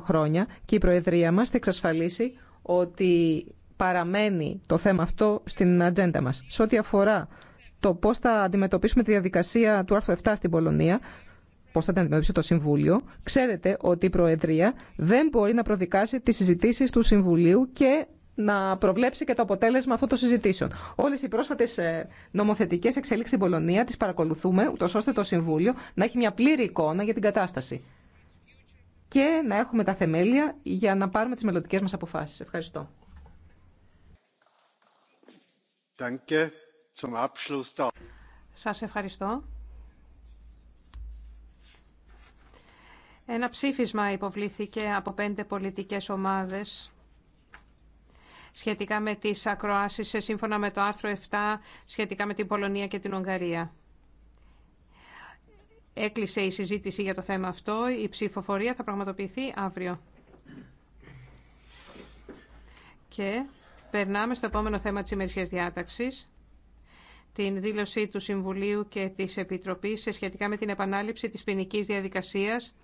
χρόνια και η Προεδρία μας θα εξασφαλίσει ότι παραμένει το θέμα αυτό στην ατζέντα μας. Σε ό,τι αφορά το πώς θα αντιμετωπίσουμε τη διαδικασία του άρθρου 7 στην Πολωνία, πώς θα την αντιμετωπίσει το Συμβούλιο, ξέρετε ότι η Προεδρία δεν μπορεί να προδικάσει τις συζητήσεις του Συμβουλίου και να προβλέψει και το αποτέλεσμα αυτών των συζητήσεων. Όλε οι πρόσφατε νομοθετικέ εξελίξει στην Πολωνία τι παρακολουθούμε, ούτω ώστε το Συμβούλιο να έχει μια πλήρη εικόνα για την κατάσταση και να έχουμε τα θεμέλια για να πάρουμε τις μελλοντικές μας αποφάσεις. Ευχαριστώ. Σας ευχαριστώ. Ένα ψήφισμα υποβλήθηκε από πέντε πολιτικές ομάδες σχετικά με τις ακροάσεις σύμφωνα με το άρθρο 7 σχετικά με την Πολωνία και την Ουγγαρία. Έκλεισε η συζήτηση για το θέμα αυτό. Η ψηφοφορία θα πραγματοποιηθεί αύριο. Και περνάμε στο επόμενο θέμα της ημερησίας διάταξης την δήλωσή του Συμβουλίου και της Επιτροπής σε σχετικά με την επανάληψη της ποινική διαδικασίας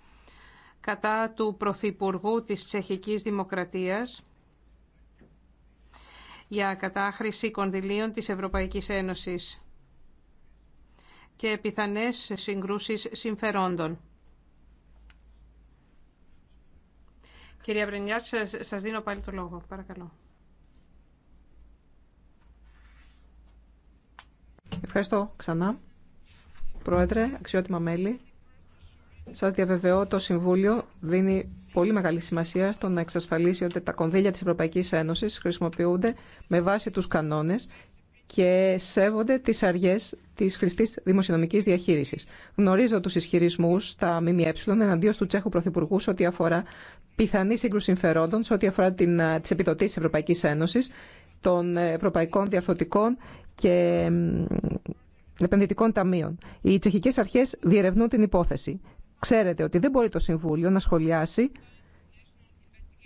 κατά του Πρωθυπουργού της Τσεχικής Δημοκρατίας για κατάχρηση κονδυλίων της Ευρωπαϊκής Ένωσης και πιθανές συγκρούσεις συμφερόντων. Κυρία Βρενιάτ, σας, σας δίνω πάλι το λόγο. Παρακαλώ. Ευχαριστώ ξανά. Πρόεδρε, αξιότιμα μέλη, σας διαβεβαιώ το Συμβούλιο δίνει πολύ μεγάλη σημασία στο να εξασφαλίσει ότι τα κονδύλια της Ευρωπαϊκής Ένωσης χρησιμοποιούνται με βάση τους κανόνες και σέβονται τις αργές της χρηστής δημοσιονομικής διαχείρισης. Γνωρίζω τους ισχυρισμούς στα ΜΜΕ εναντίον του Τσέχου Πρωθυπουργού σε ό,τι αφορά πιθανή σύγκρουση συμφερόντων, σε ό,τι αφορά την, ε, τις επιδοτήσεις της Ευρωπαϊκής Ένωσης, των ε, Ευρωπαϊκών Διαρθωτικών και Επενδυτικών Ταμείων. Οι τσεχικές αρχές διερευνούν την υπόθεση. Ξέρετε ότι δεν μπορεί το Συμβούλιο να σχολιάσει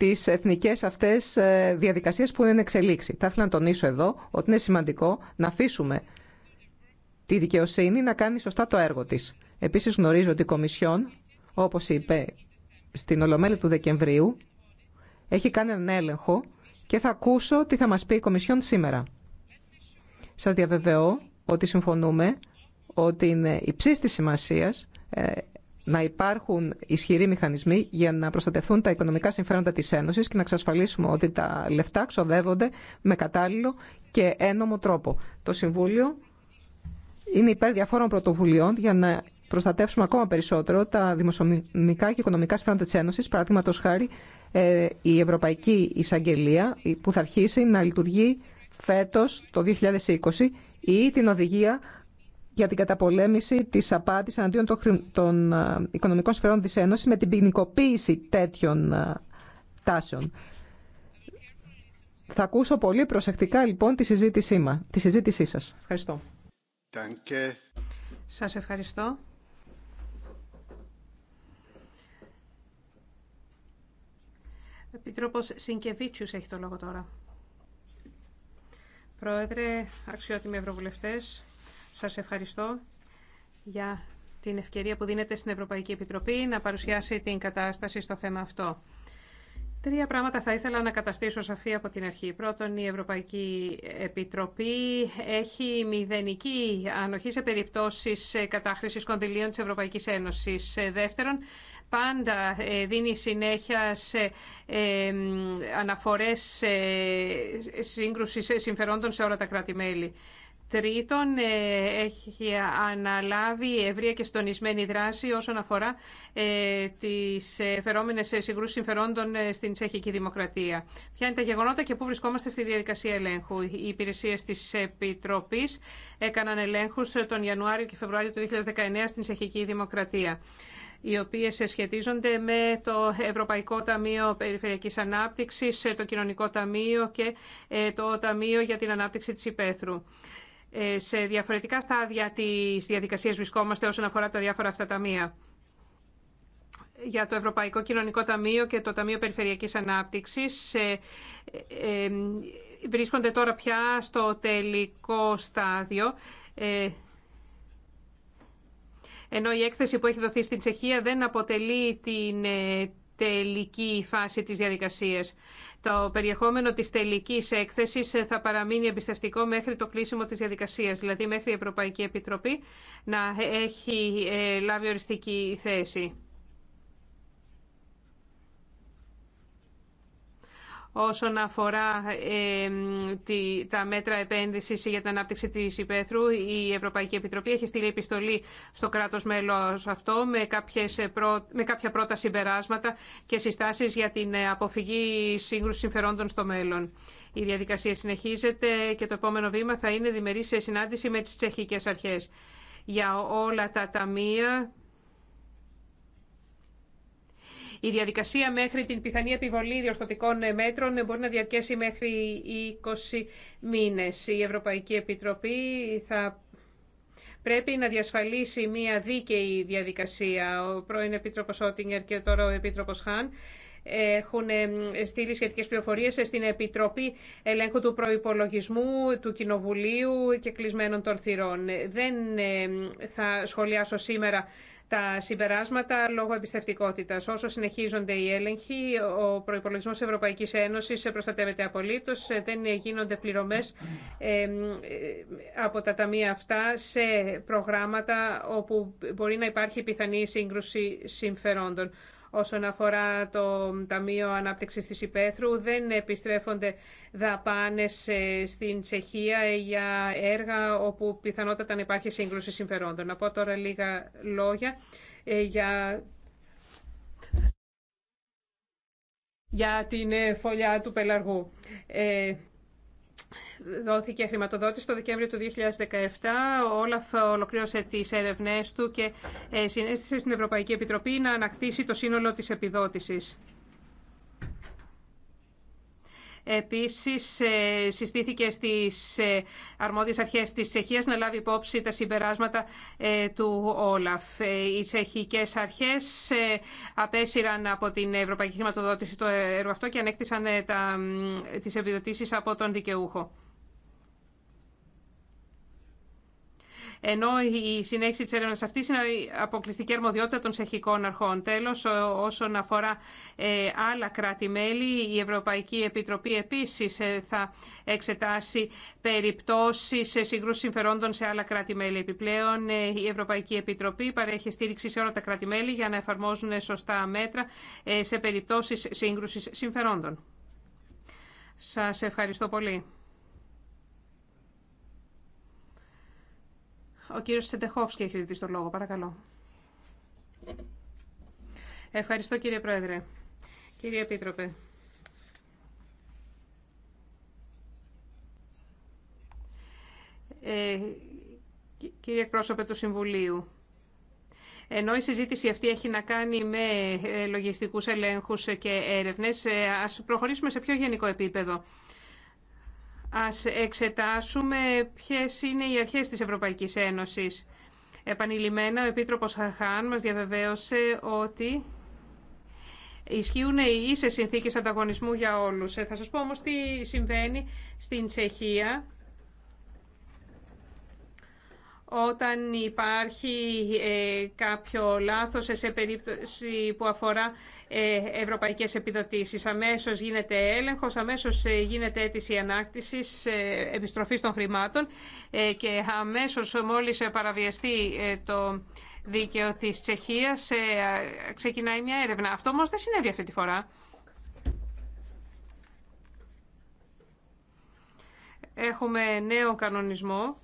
τις εθνικές αυτές ε, διαδικασίες που είναι εξελίξη. Θα ήθελα να τονίσω εδώ ότι είναι σημαντικό να αφήσουμε τη δικαιοσύνη να κάνει σωστά το έργο της. Επίσης γνωρίζω ότι η Κομισιόν, όπως είπε στην Ολομέλη του Δεκεμβρίου, έχει κάνει έναν έλεγχο και θα ακούσω τι θα μας πει η Κομισιόν σήμερα. Σας διαβεβαιώ ότι συμφωνούμε ότι είναι υψής της σημασίας ε, να υπάρχουν ισχυροί μηχανισμοί για να προστατευτούν τα οικονομικά συμφέροντα της Ένωσης και να εξασφαλίσουμε ότι τα λεφτά ξοδεύονται με κατάλληλο και ένομο τρόπο. Το Συμβούλιο είναι υπέρ διαφόρων πρωτοβουλειών για να προστατεύσουμε ακόμα περισσότερο τα δημοσιονομικά και οικονομικά συμφέροντα τη Ένωση. Παραδείγματο χάρη, ε, η Ευρωπαϊκή Εισαγγελία που θα αρχίσει να λειτουργεί φέτο το 2020 ή την οδηγία για την καταπολέμηση της απάτης αντίον των, ε, οικονομικών σφαιρών της Ένωσης με την ποινικοποίηση τέτοιων ε, τάσεων. Θα ακούσω πολύ προσεκτικά λοιπόν τη συζήτησή, μα, τη συζήτησή σας. Ευχαριστώ. Danke. Σας ευχαριστώ. Επιτρόπος Σινκεβίτσιους έχει το λόγο τώρα. Πρόεδρε, αξιότιμοι ευρωβουλευτές, σας ευχαριστώ για την ευκαιρία που δίνεται στην Ευρωπαϊκή Επιτροπή να παρουσιάσει την κατάσταση στο θέμα αυτό. Τρία πράγματα θα ήθελα να καταστήσω σαφή από την αρχή. Πρώτον, η Ευρωπαϊκή Επιτροπή έχει μηδενική ανοχή σε περιπτώσεις κατάχρησης κονδυλίων της Ευρωπαϊκής Ένωσης. Δεύτερον, πάντα ε, δίνει συνέχεια σε ε, αναφορές ε, σύγκρουσης συμφερόντων σε όλα τα κράτη-μέλη. Τρίτον, ε, έχει αναλάβει ευρεία και στονισμένη δράση όσον αφορά ε, τις φερόμενες συγκρούσεις συμφερόντων ε, στην Τσεχική Δημοκρατία. Ποια είναι τα γεγονότα και πού βρισκόμαστε στη διαδικασία ελέγχου. Οι υπηρεσίες της Επιτροπής έκαναν ελέγχους τον Ιανουάριο και Φεβρουάριο του 2019 στην Τσεχική Δημοκρατία οι οποίες σχετίζονται με το Ευρωπαϊκό Ταμείο Περιφερειακής Ανάπτυξης, το Κοινωνικό Ταμείο και το Ταμείο για την Ανάπτυξη της Υπέθρου. Ε, σε διαφορετικά στάδια της διαδικασίας βρισκόμαστε όσον αφορά τα διάφορα αυτά ταμεία. Για το Ευρωπαϊκό Κοινωνικό Ταμείο και το Ταμείο Περιφερειακής Ανάπτυξης ε, ε, βρίσκονται τώρα πια στο τελικό στάδιο ενώ η έκθεση που έχει δοθεί στην Τσεχία δεν αποτελεί την τελική φάση της διαδικασίας. Το περιεχόμενο της τελικής έκθεσης θα παραμείνει εμπιστευτικό μέχρι το κλείσιμο της διαδικασίας, δηλαδή μέχρι η Ευρωπαϊκή Επιτροπή να έχει ε, λάβει οριστική θέση. όσον αφορά τη, τα μέτρα επένδυσης για την ανάπτυξη της υπαίθρου. Η Ευρωπαϊκή Επιτροπή έχει στείλει επιστολή στο κράτος μέλος αυτό με, κάποιες κάποια πρώτα συμπεράσματα και συστάσεις για την αποφυγή σύγκρουση συμφερόντων στο μέλλον. Η διαδικασία συνεχίζεται και το επόμενο βήμα θα είναι διμερή σε συνάντηση με τις τσεχικές αρχές. Για όλα τα ταμεία η διαδικασία μέχρι την πιθανή επιβολή διορθωτικών ε, μέτρων ε, μπορεί να διαρκέσει μέχρι 20 μήνες. Η Ευρωπαϊκή Επιτροπή θα πρέπει να διασφαλίσει μια δίκαιη διαδικασία. Ο πρώην Επίτροπος Ότινγκερ και τώρα ο Επίτροπος Χάν έχουν ε, στείλει σχετικές πληροφορίες στην Επιτροπή Ελέγχου του Προϋπολογισμού του Κοινοβουλίου και κλεισμένων των θυρών. Δεν θα σχολιάσω σήμερα τα συμπεράσματα λόγω εμπιστευτικότητα. Όσο συνεχίζονται οι έλεγχοι, ο προπολογισμό Ευρωπαϊκή Ένωση προστατεύεται απολύτω. Δεν γίνονται πληρωμέ από τα ταμεία αυτά σε προγράμματα όπου μπορεί να υπάρχει πιθανή σύγκρουση συμφερόντων όσον αφορά το Ταμείο Ανάπτυξης της Υπέθρου. Δεν επιστρέφονται δαπάνες ε, στην Τσεχία για έργα όπου πιθανότατα να υπάρχει σύγκρουση συμφερόντων. Να πω τώρα λίγα λόγια ε, για για την ε, φωλιά του πελαργού δόθηκε χρηματοδότηση το Δεκέμβριο του 2017. Ο Όλαφ ολοκλήρωσε τις έρευνές του και ε, συνέστησε στην Ευρωπαϊκή Επιτροπή να ανακτήσει το σύνολο της επιδότησης. Επίσης, ε, συστήθηκε στις ε, αρμόδιες αρχές της Τσεχίας να λάβει υπόψη τα συμπεράσματα ε, του Όλαφ. Οι τσεχικές αρχές απέσυραν από την Ευρωπαϊκή Χρηματοδότηση το έργο αυτό και ανέκτησαν τις επιδοτήσεις από τον δικαιούχο. ενώ η συνέχιση τη έρευνα αυτή είναι αποκλειστική αρμοδιότητα των σεχικών τέλο. Τέλος, όσον αφορά ε, άλλα κράτη-μέλη, η Ευρωπαϊκή Επιτροπή επίσης ε, θα εξετάσει περιπτώσεις ε, συγκρούσει συμφερόντων σε άλλα κράτη-μέλη. Επιπλέον, η Ευρωπαϊκή Επιτροπή παρέχει στήριξη σε όλα τα κράτη-μέλη για να εφαρμόζουν σωστά μέτρα σε περιπτώσει σύγκρουση συμφερόντων. Σας ευχαριστώ πολύ. Ο κύριος Σεντεχόφσκι έχει ζητήσει το λόγο. Παρακαλώ. Ευχαριστώ κύριε Πρόεδρε. Κύριε Επίτροπε. Ε, κύριε εκπρόσωπε του Συμβουλίου, ενώ η συζήτηση αυτή έχει να κάνει με ε, λογιστικούς ελέγχους και έρευνες, ε, ας προχωρήσουμε σε πιο γενικό επίπεδο. Ας εξετάσουμε ποιες είναι οι αρχές της Ευρωπαϊκής Ένωσης. Επανειλημμένα, ο Επίτροπος Χαχάν μας διαβεβαίωσε ότι ισχύουν οι ίσες συνθήκες ανταγωνισμού για όλους. Ε, θα σας πω όμως τι συμβαίνει στην Τσεχία όταν υπάρχει ε, κάποιο λάθος ε, σε περίπτωση που αφορά ε, ευρωπαϊκές επιδοτήσεις. Αμέσως γίνεται έλεγχος, αμέσως ε, γίνεται αίτηση ανάκτησης ε, επιστροφής των χρημάτων και αμέσως μόλις παραβιαστεί το δίκαιο της Τσεχίας ξεκινάει μια έρευνα. Αυτό όμως δεν συνέβη αυτή τη φορά. Έχουμε νέο κανονισμό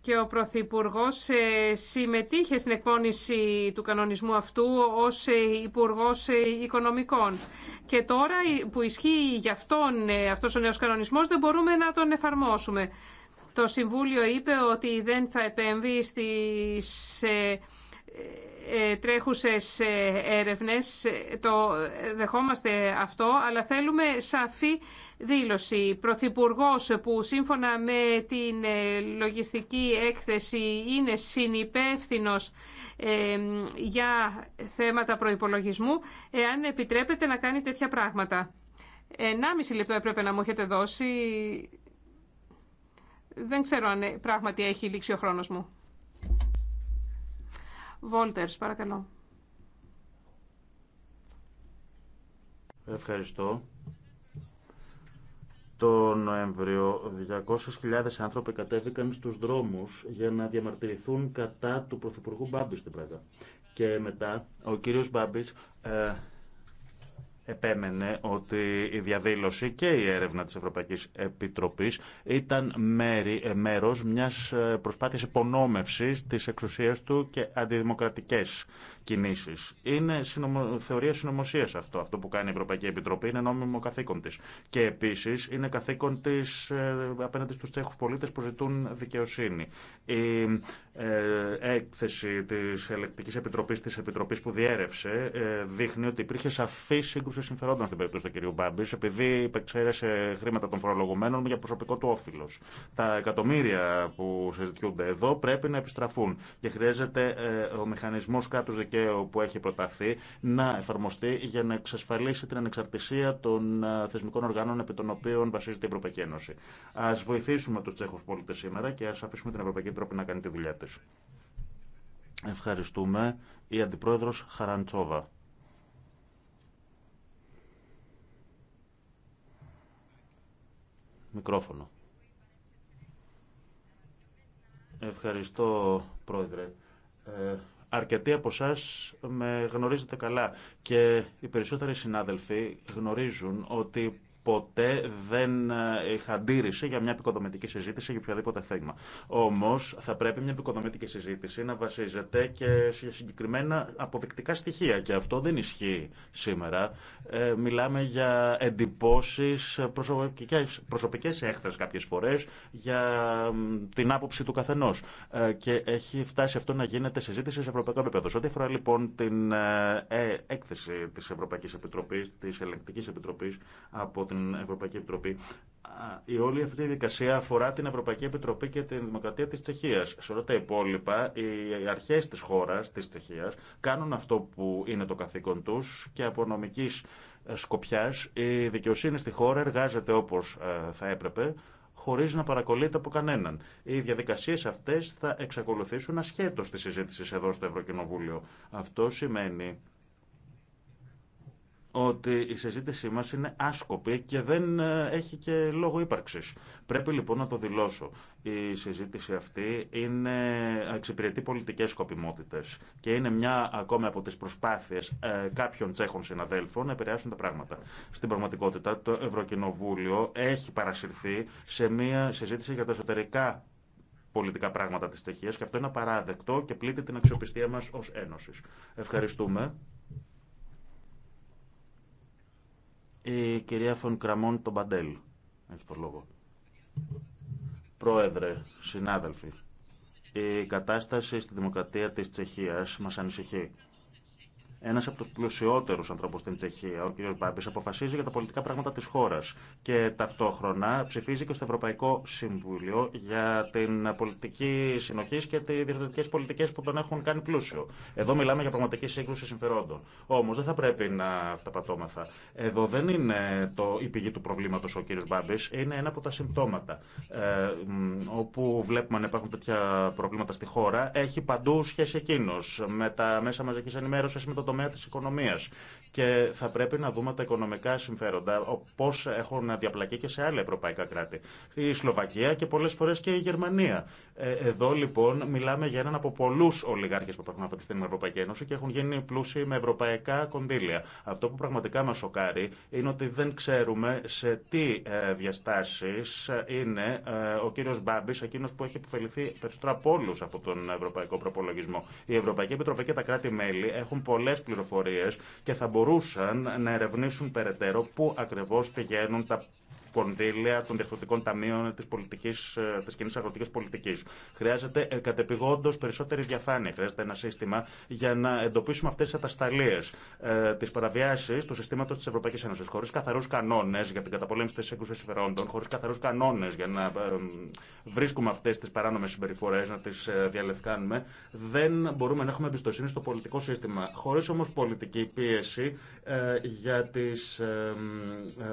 και ο Πρωθυπουργό ε, συμμετείχε στην εκπόνηση του κανονισμού αυτού ως ε, Υπουργό ε, Οικονομικών. Και τώρα που ισχύει γι' αυτόν αυτός ο νέος κανονισμός δεν μπορούμε να τον εφαρμόσουμε. Το Συμβούλιο είπε ότι δεν θα επέμβει στις ε, τρέχουσες ε, έρευνες. Το ε, δεχόμαστε αυτό, αλλά θέλουμε σαφή δήλωση. Πρωθυπουργός που σύμφωνα με την λογιστική έκθεση είναι συνυπεύθυνος για θέματα προϋπολογισμού, εάν επιτρέπεται να κάνει τέτοια πράγματα. 1,5 λεπτό έπρεπε να μου έχετε δώσει. Δεν ξέρω αν πράγματι έχει λήξει ο χρόνος μου. Βόλτερς, παρακαλώ. Ευχαριστώ. Το Νοέμβριο 200.000 άνθρωποι κατέβηκαν στους δρόμους για να διαμαρτυρηθούν κατά του Πρωθυπουργού Μπάμπη στην πράγμα Και μετά ο κύριος Μπάμπης ε, επέμενε ότι η διαδήλωση και η έρευνα της Ευρωπαϊκής Επιτροπής ήταν μέρη, ε, μέρος μιας ε, προσπάθειας υπονόμευσης της εξουσίας του και αντιδημοκρατικές κινήσει. Είναι θεωρία συνωμοσία αυτό. Αυτό που κάνει η Ευρωπαϊκή Επιτροπή είναι νόμιμο καθήκον τη. Και επίση είναι καθήκον τη ε, απέναντι στου Τσέχου πολίτε που ζητούν δικαιοσύνη. Η ε, έκθεση τη Ελεκτική Επιτροπή, τη Επιτροπή που διέρευσε, ε, δείχνει ότι υπήρχε σαφή σύγκρουση συμφερόντων στην περίπτωση του κ. Μπάμπη, επειδή υπεξαίρεσε χρήματα των φορολογουμένων για προσωπικό του όφυλο. Τα εκατομμύρια που συζητιούνται εδώ πρέπει να επιστραφούν και χρειάζεται ο μηχανισμό κράτου που έχει προταθεί να εφαρμοστεί για να εξασφαλίσει την ανεξαρτησία των ε, θεσμικών οργάνων επί των οποίων βασίζεται η Ευρωπαϊκή Ένωση. Α βοηθήσουμε του Τσέχου πολίτε σήμερα και α αφήσουμε την Ευρωπαϊκή Επιτροπή να κάνει τη δουλειά τη. Ευχαριστούμε. Η Αντιπρόεδρος Χαραντσόβα. Μικρόφωνο. Ευχαριστώ, Πρόεδρε. Ε, Αρκετοί από εσά με γνωρίζετε καλά και οι περισσότεροι συνάδελφοι γνωρίζουν ότι ποτέ δεν ε, είχα αντίρρηση για μια επικοδομητική συζήτηση για οποιοδήποτε θέμα. Όμω θα πρέπει μια επικοδομητική συζήτηση να βασίζεται και σε συγκεκριμένα αποδεικτικά στοιχεία και αυτό δεν ισχύει σήμερα. Ε, μιλάμε για εντυπώσει προσωπικέ έχθε κάποιε φορέ για την άποψη του καθενό. Ε, και έχει φτάσει αυτό να γίνεται συζήτηση σε ευρωπαϊκό επίπεδο. Σε ό,τι αφορά λοιπόν την ε, έκθεση τη Ευρωπαϊκή Επιτροπή, τη Ελεγκτική Επιτροπή από την Ευρωπαϊκή Επιτροπή. Η όλη αυτή η δικασία αφορά την Ευρωπαϊκή Επιτροπή και την Δημοκρατία τη Τσεχία. Σε όλα τα υπόλοιπα, οι αρχέ τη χώρα, τη Τσεχία, κάνουν αυτό που είναι το καθήκον του και από νομική ε, σκοπιά η δικαιοσύνη στη χώρα εργάζεται όπω ε, θα έπρεπε, χωρί να παρακολείται από κανέναν. Οι διαδικασίε αυτέ θα εξακολουθήσουν ασχέτω τη συζήτηση εδώ στο Ευρωκοινοβούλιο. Αυτό σημαίνει ότι η συζήτησή μας είναι άσκοπη και δεν ε, έχει και λόγο ύπαρξης. Πρέπει λοιπόν να το δηλώσω. Η συζήτηση αυτή είναι, εξυπηρετεί πολιτικές σκοπιμότητες και είναι μια ακόμη από τις προσπάθειες ε, κάποιων τσέχων συναδέλφων να επηρεάσουν τα πράγματα. Στην πραγματικότητα το Ευρωκοινοβούλιο έχει παρασυρθεί σε μια συζήτηση για τα εσωτερικά πολιτικά πράγματα της Τσεχίας και αυτό είναι απαράδεκτο και πλήττει την αξιοπιστία μας ως Ένωσης. Ευχαριστούμε. Η κυρία Φων Κραμών τον Παντέλ. Έχει το Πρόεδρε, συνάδελφοι, η κατάσταση στη δημοκρατία της Τσεχίας μας ανησυχεί. Ένα από του πλουσιότερου ανθρώπου στην Τσεχία, ο κ. Μπάμπη, αποφασίζει για τα πολιτικά πράγματα τη χώρα και ταυτόχρονα ψηφίζει και στο Ευρωπαϊκό Συμβούλιο για την πολιτική συνοχή και τι διευθυντικέ πολιτικέ που τον έχουν κάνει πλούσιο. Εδώ μιλάμε για πραγματική σύγκρουση συμφερόντων. Όμω δεν θα πρέπει να αυταπατώμεθα. Εδώ δεν είναι το, η πηγή του προβλήματο ο κ. Μπάμπη, είναι ένα από τα συμπτώματα. Ε, όπου βλέπουμε αν υπάρχουν τέτοια προβλήματα στη χώρα, έχει παντού σχέση εκείνο με τα μέσα μαζική ενημέρωση, με τομέα τη οικονομίας και θα πρέπει να δούμε τα οικονομικά συμφέροντα, πώ έχουν διαπλακεί και σε άλλα ευρωπαϊκά κράτη. Η Σλοβακία και πολλέ φορέ και η Γερμανία. Ε, εδώ λοιπόν μιλάμε για έναν από πολλού ολιγάρχε που υπάρχουν αυτή τη στην Ευρωπαϊκή Ένωση και έχουν γίνει πλούσιοι με ευρωπαϊκά κονδύλια. Αυτό που πραγματικά μα σοκάρει είναι ότι δεν ξέρουμε σε τι ε, διαστάσει ε, είναι ο κύριο Μπάμπη, εκείνο που έχει υποφεληθεί περισσότερο από όλου από τον ευρωπαϊκό προπολογισμό. Η Ευρωπαϊκή Επιτροπή και τα κράτη-μέλη έχουν πολλέ πληροφορίε και θα μπορούσαν να ερευνήσουν περαιτέρω πού ακριβώς πηγαίνουν τα κονδύλια των διαφορετικών ταμείων τη της ε, κοινή αγροτική πολιτική. Χρειάζεται ε, κατεπηγόντω περισσότερη διαφάνεια. Χρειάζεται ένα σύστημα για να εντοπίσουμε αυτέ τι ατασταλίε, ε, τι παραβιάσει του συστήματο τη Ευρωπαϊκή Ένωση. Χωρί καθαρού κανόνε για την καταπολέμηση τη έκρουση συμφερόντων, χωρί καθαρού κανόνε για να ε, βρίσκουμε αυτέ τι παράνομε συμπεριφορέ, να τι διαλευκάνουμε, δεν μπορούμε να έχουμε εμπιστοσύνη στο πολιτικό σύστημα. Χωρί όμω πολιτική πίεση για, τις,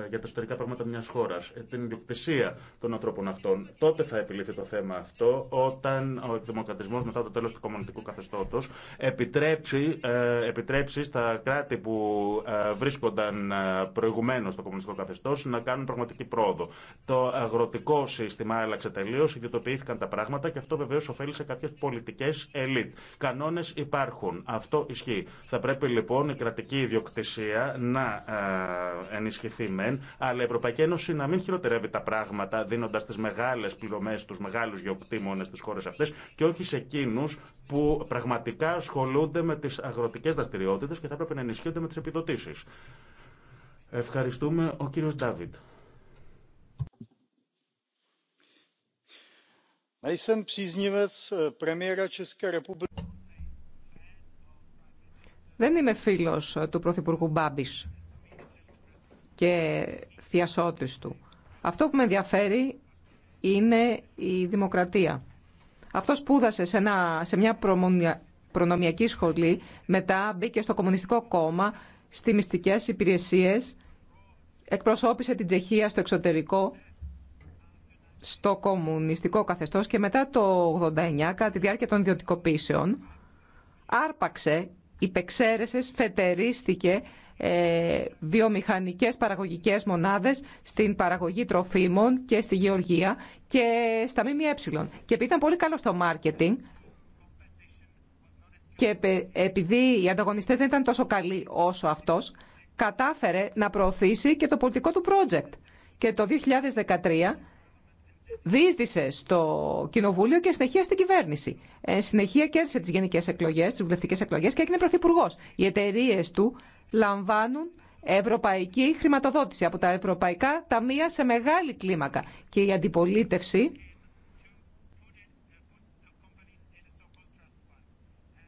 για τα ιστορικά πράγματα μια χώρα χώρα, την ιδιοκτησία των ανθρώπων αυτών. Τότε θα επιληθεί το θέμα αυτό, όταν ο εκδημοκρατισμό μετά το τέλο του κομμουνιστικού καθεστώτο επιτρέψει, ε, επιτρέψει στα κράτη που ε, βρίσκονταν ε, προηγουμένω στο κομμουνιστικό καθεστώ να κάνουν πραγματική πρόοδο. Το αγροτικό σύστημα άλλαξε τελείω, ιδιωτοποιήθηκαν τα πράγματα και αυτό βεβαίω ωφέλησε κάποιε πολιτικέ ελίτ. Κανόνε υπάρχουν. Αυτό ισχύει. Θα πρέπει λοιπόν η κρατική ιδιοκτησία να ενισχυθεί μεν, αλλά η Ευρωπαϊκή Ένωση να μην χειροτερεύει τα πράγματα δίνοντα τι μεγάλε πληρωμέ στου μεγάλου γεωκτήμονε στι χώρε αυτέ και όχι σε εκείνου που πραγματικά ασχολούνται με τι αγροτικέ δραστηριότητε και θα έπρεπε να ενισχύονται με τι επιδοτήσει. Ευχαριστούμε ο κύριος Ντάβιτ. Eh, Δεν είμαι φίλος eh, του Πρωθυπουργού Μπάμπης και διασώτης του. Αυτό που με ενδιαφέρει είναι η δημοκρατία. Αυτό σπούδασε σε, σε μια προνομιακή σχολή, μετά μπήκε στο Κομμουνιστικό Κόμμα, στη μυστικές υπηρεσίες, εκπροσώπησε την Τσεχία στο εξωτερικό, στο κομμουνιστικό καθεστώς και μετά το 89, κατά τη διάρκεια των ιδιωτικοποίησεων, άρπαξε, υπεξαίρεσε, φετερίστηκε. Ε, βιομηχανικές παραγωγικές μονάδες στην παραγωγή τροφίμων και στη γεωργία και στα ΜΜΕ. Και επειδή ήταν πολύ καλό στο μάρκετινγκ, και επειδή οι ανταγωνιστές δεν ήταν τόσο καλοί όσο αυτός, κατάφερε να προωθήσει και το πολιτικό του project. Και το 2013 δίστησε στο Κοινοβούλιο και συνεχεία στην κυβέρνηση. Ε, συνεχεία κέρδισε τις γενικές εκλογές, τις βουλευτικές εκλογές και έγινε πρωθυπουργό. Οι εταιρείε του λαμβάνουν ευρωπαϊκή χρηματοδότηση από τα ευρωπαϊκά ταμεία σε μεγάλη κλίμακα. Και η αντιπολίτευση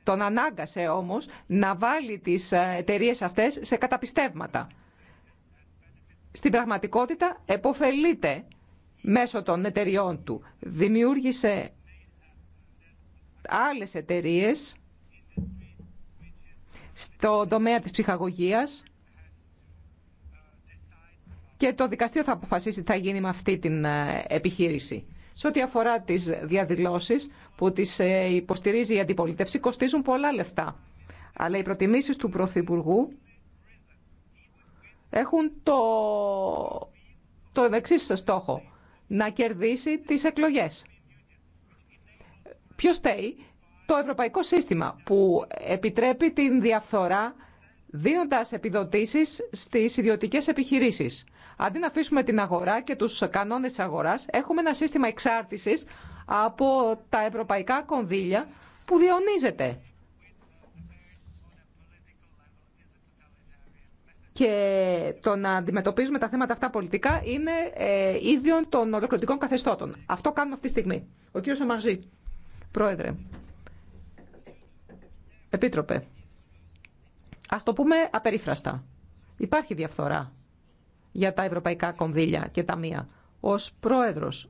τον ανάγκασε όμως να βάλει τις εταιρείε αυτές σε καταπιστεύματα. Στην πραγματικότητα εποφελείται μέσω των εταιριών του. Δημιούργησε άλλες εταιρείες στον τομέα της ψυχαγωγίας και το δικαστήριο θα αποφασίσει τι θα γίνει με αυτή την ε, επιχείρηση. Σε ό,τι αφορά τις διαδηλώσεις που τις ε, υποστηρίζει η αντιπολίτευση, κοστίζουν πολλά λεφτά. Αλλά οι προτιμήσεις του Πρωθυπουργού έχουν το, το σε στόχο, να κερδίσει τις εκλογές. Ποιος στέει, το ευρωπαϊκό σύστημα που επιτρέπει την διαφθορά δίνοντας επιδοτήσεις στις ιδιωτικές επιχειρήσεις. Αντί να αφήσουμε την αγορά και τους κανόνες της αγοράς, έχουμε ένα σύστημα εξάρτησης από τα ευρωπαϊκά κονδύλια που διονύζεται. Και το να αντιμετωπίζουμε τα θέματα αυτά πολιτικά είναι ε, ίδιον των ολοκληρωτικών καθεστώτων. Αυτό κάνουμε αυτή τη στιγμή. Ο κύριος Αμαρζή, πρόεδρε. Επίτροπε, ας το πούμε απερίφραστα. Υπάρχει διαφθορά για τα ευρωπαϊκά κονδύλια και μία. Ως πρόεδρος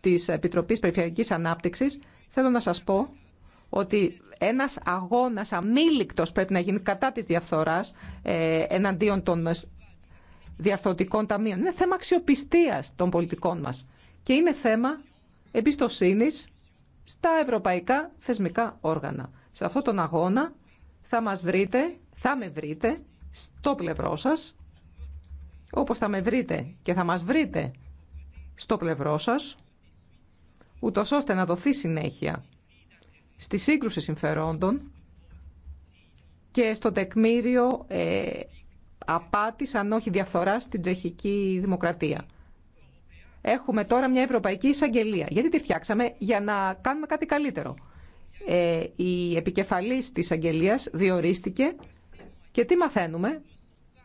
της Επιτροπής Περιφερειακής Ανάπτυξης θέλω να σας πω ότι ένας αγώνας αμήλικτος πρέπει να γίνει κατά της διαφθοράς ε, εναντίον των διαφθορτικών ταμείων. Είναι θέμα αξιοπιστίας των πολιτικών μας και είναι θέμα εμπιστοσύνης στα ευρωπαϊκά θεσμικά όργανα. Σε αυτόν τον αγώνα θα μας βρείτε, θα με βρείτε στο πλευρό σας, όπως θα με βρείτε και θα μας βρείτε στο πλευρό σας, ούτω ώστε να δοθεί συνέχεια στη σύγκρουση συμφερόντων και στο τεκμήριο ε, απάτης, αν όχι διαφθοράς, στην τσεχική δημοκρατία. Έχουμε τώρα μια Ευρωπαϊκή Εισαγγελία. Γιατί τη φτιάξαμε για να κάνουμε κάτι καλύτερο. Ε, η επικεφαλής της αγγελίας διορίστηκε και τι μαθαίνουμε,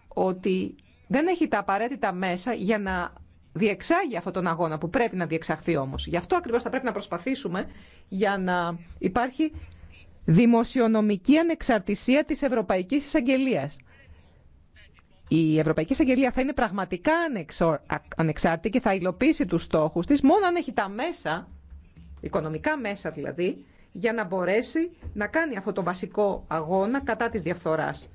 ότι δεν έχει τα απαραίτητα μέσα για να διεξάγει αυτόν τον αγώνα που πρέπει να διεξαχθεί όμως. Γι' αυτό ακριβώς θα πρέπει να προσπαθήσουμε για να υπάρχει δημοσιονομική ανεξαρτησία της Ευρωπαϊκής Εισαγγελίας. Η Ευρωπαϊκή Εισαγγελία θα είναι πραγματικά ανεξάρτητη και θα υλοποιήσει τους στόχους της μόνο αν έχει τα μέσα, οικονομικά μέσα δηλαδή, για να μπορέσει να κάνει αυτό το βασικό αγώνα κατά της διαφθοράς.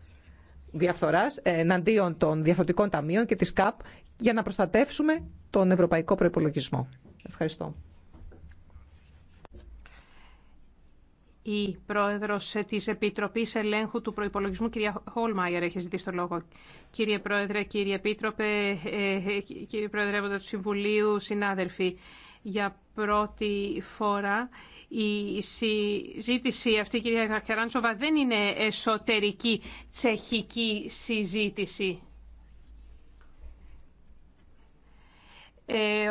Διαφθοράς ε, εναντίον των διαφορετικών ταμείων και της ΚΑΠ για να προστατεύσουμε τον ευρωπαϊκό προϋπολογισμό. Ευχαριστώ. Η πρόεδρος ε, της Επιτροπής Ελέγχου του Προϋπολογισμού, κυρία Χόλμαγερ, έχει ζητήσει το λόγο. Κύριε Πρόεδρε, κύριε Επίτροπε, ε, κύριε Προεδρεύοντα του Συμβουλίου, συνάδελφοι, για πρώτη φορά η συζήτηση αυτή, κυρία Καράντσοβα, δεν είναι εσωτερική τσεχική συζήτηση. Ε,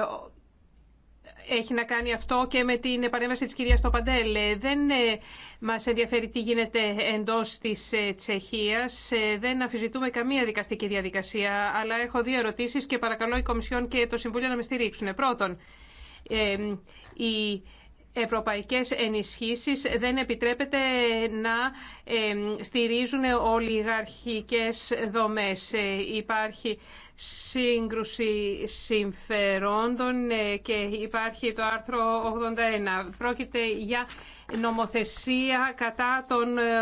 έχει να κάνει αυτό και με την παρέμβαση της κυρίας παντέλε Δεν ε, μας ενδιαφέρει τι γίνεται εντός της ε, Τσεχίας. Ε, δεν αφιζητούμε καμία δικαστική διαδικασία. Αλλά έχω δύο ερωτήσεις και παρακαλώ η Κομισιόν και το Συμβούλιο να με στηρίξουν. Πρώτον, η ευρωπαϊκές ενισχύσεις δεν επιτρέπεται να στηρίζουν ολιγαρχικές δομές. Ε, υπάρχει σύγκρουση συμφερόντων ε, και υπάρχει το άρθρο 81. Πρόκειται για νομοθεσία κατά των ε,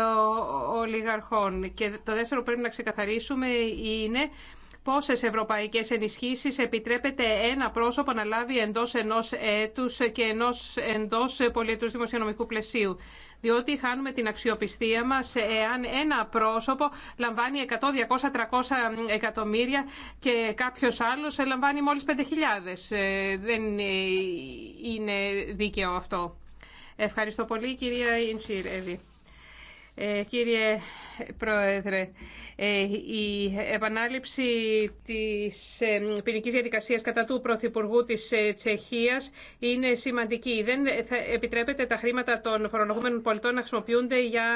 ολιγαρχών. Και το δεύτερο που πρέπει να ξεκαθαρίσουμε είναι πόσε ευρωπαϊκέ ενισχύσει επιτρέπεται ένα πρόσωπο να λάβει εντό ενό έτου και ενό εντός δημοσιονομικού πλαισίου. Διότι χάνουμε την αξιοπιστία μα εάν ένα πρόσωπο λαμβάνει 100, 200, 300 εκατομμύρια και κάποιο άλλο λαμβάνει μόλι 5.000. Ε, δεν ε, είναι δίκαιο αυτό. Ευχαριστώ πολύ κυρία Ιντσίρ ε, κύριε Πρόεδρε, ε, η επανάληψη της ε, ποινική διαδικασίας κατά του Πρωθυπουργού της Τσεχίας είναι σημαντική. Δεν επιτρέπεται τα χρήματα των φορολογούμενων πολιτών να χρησιμοποιούνται για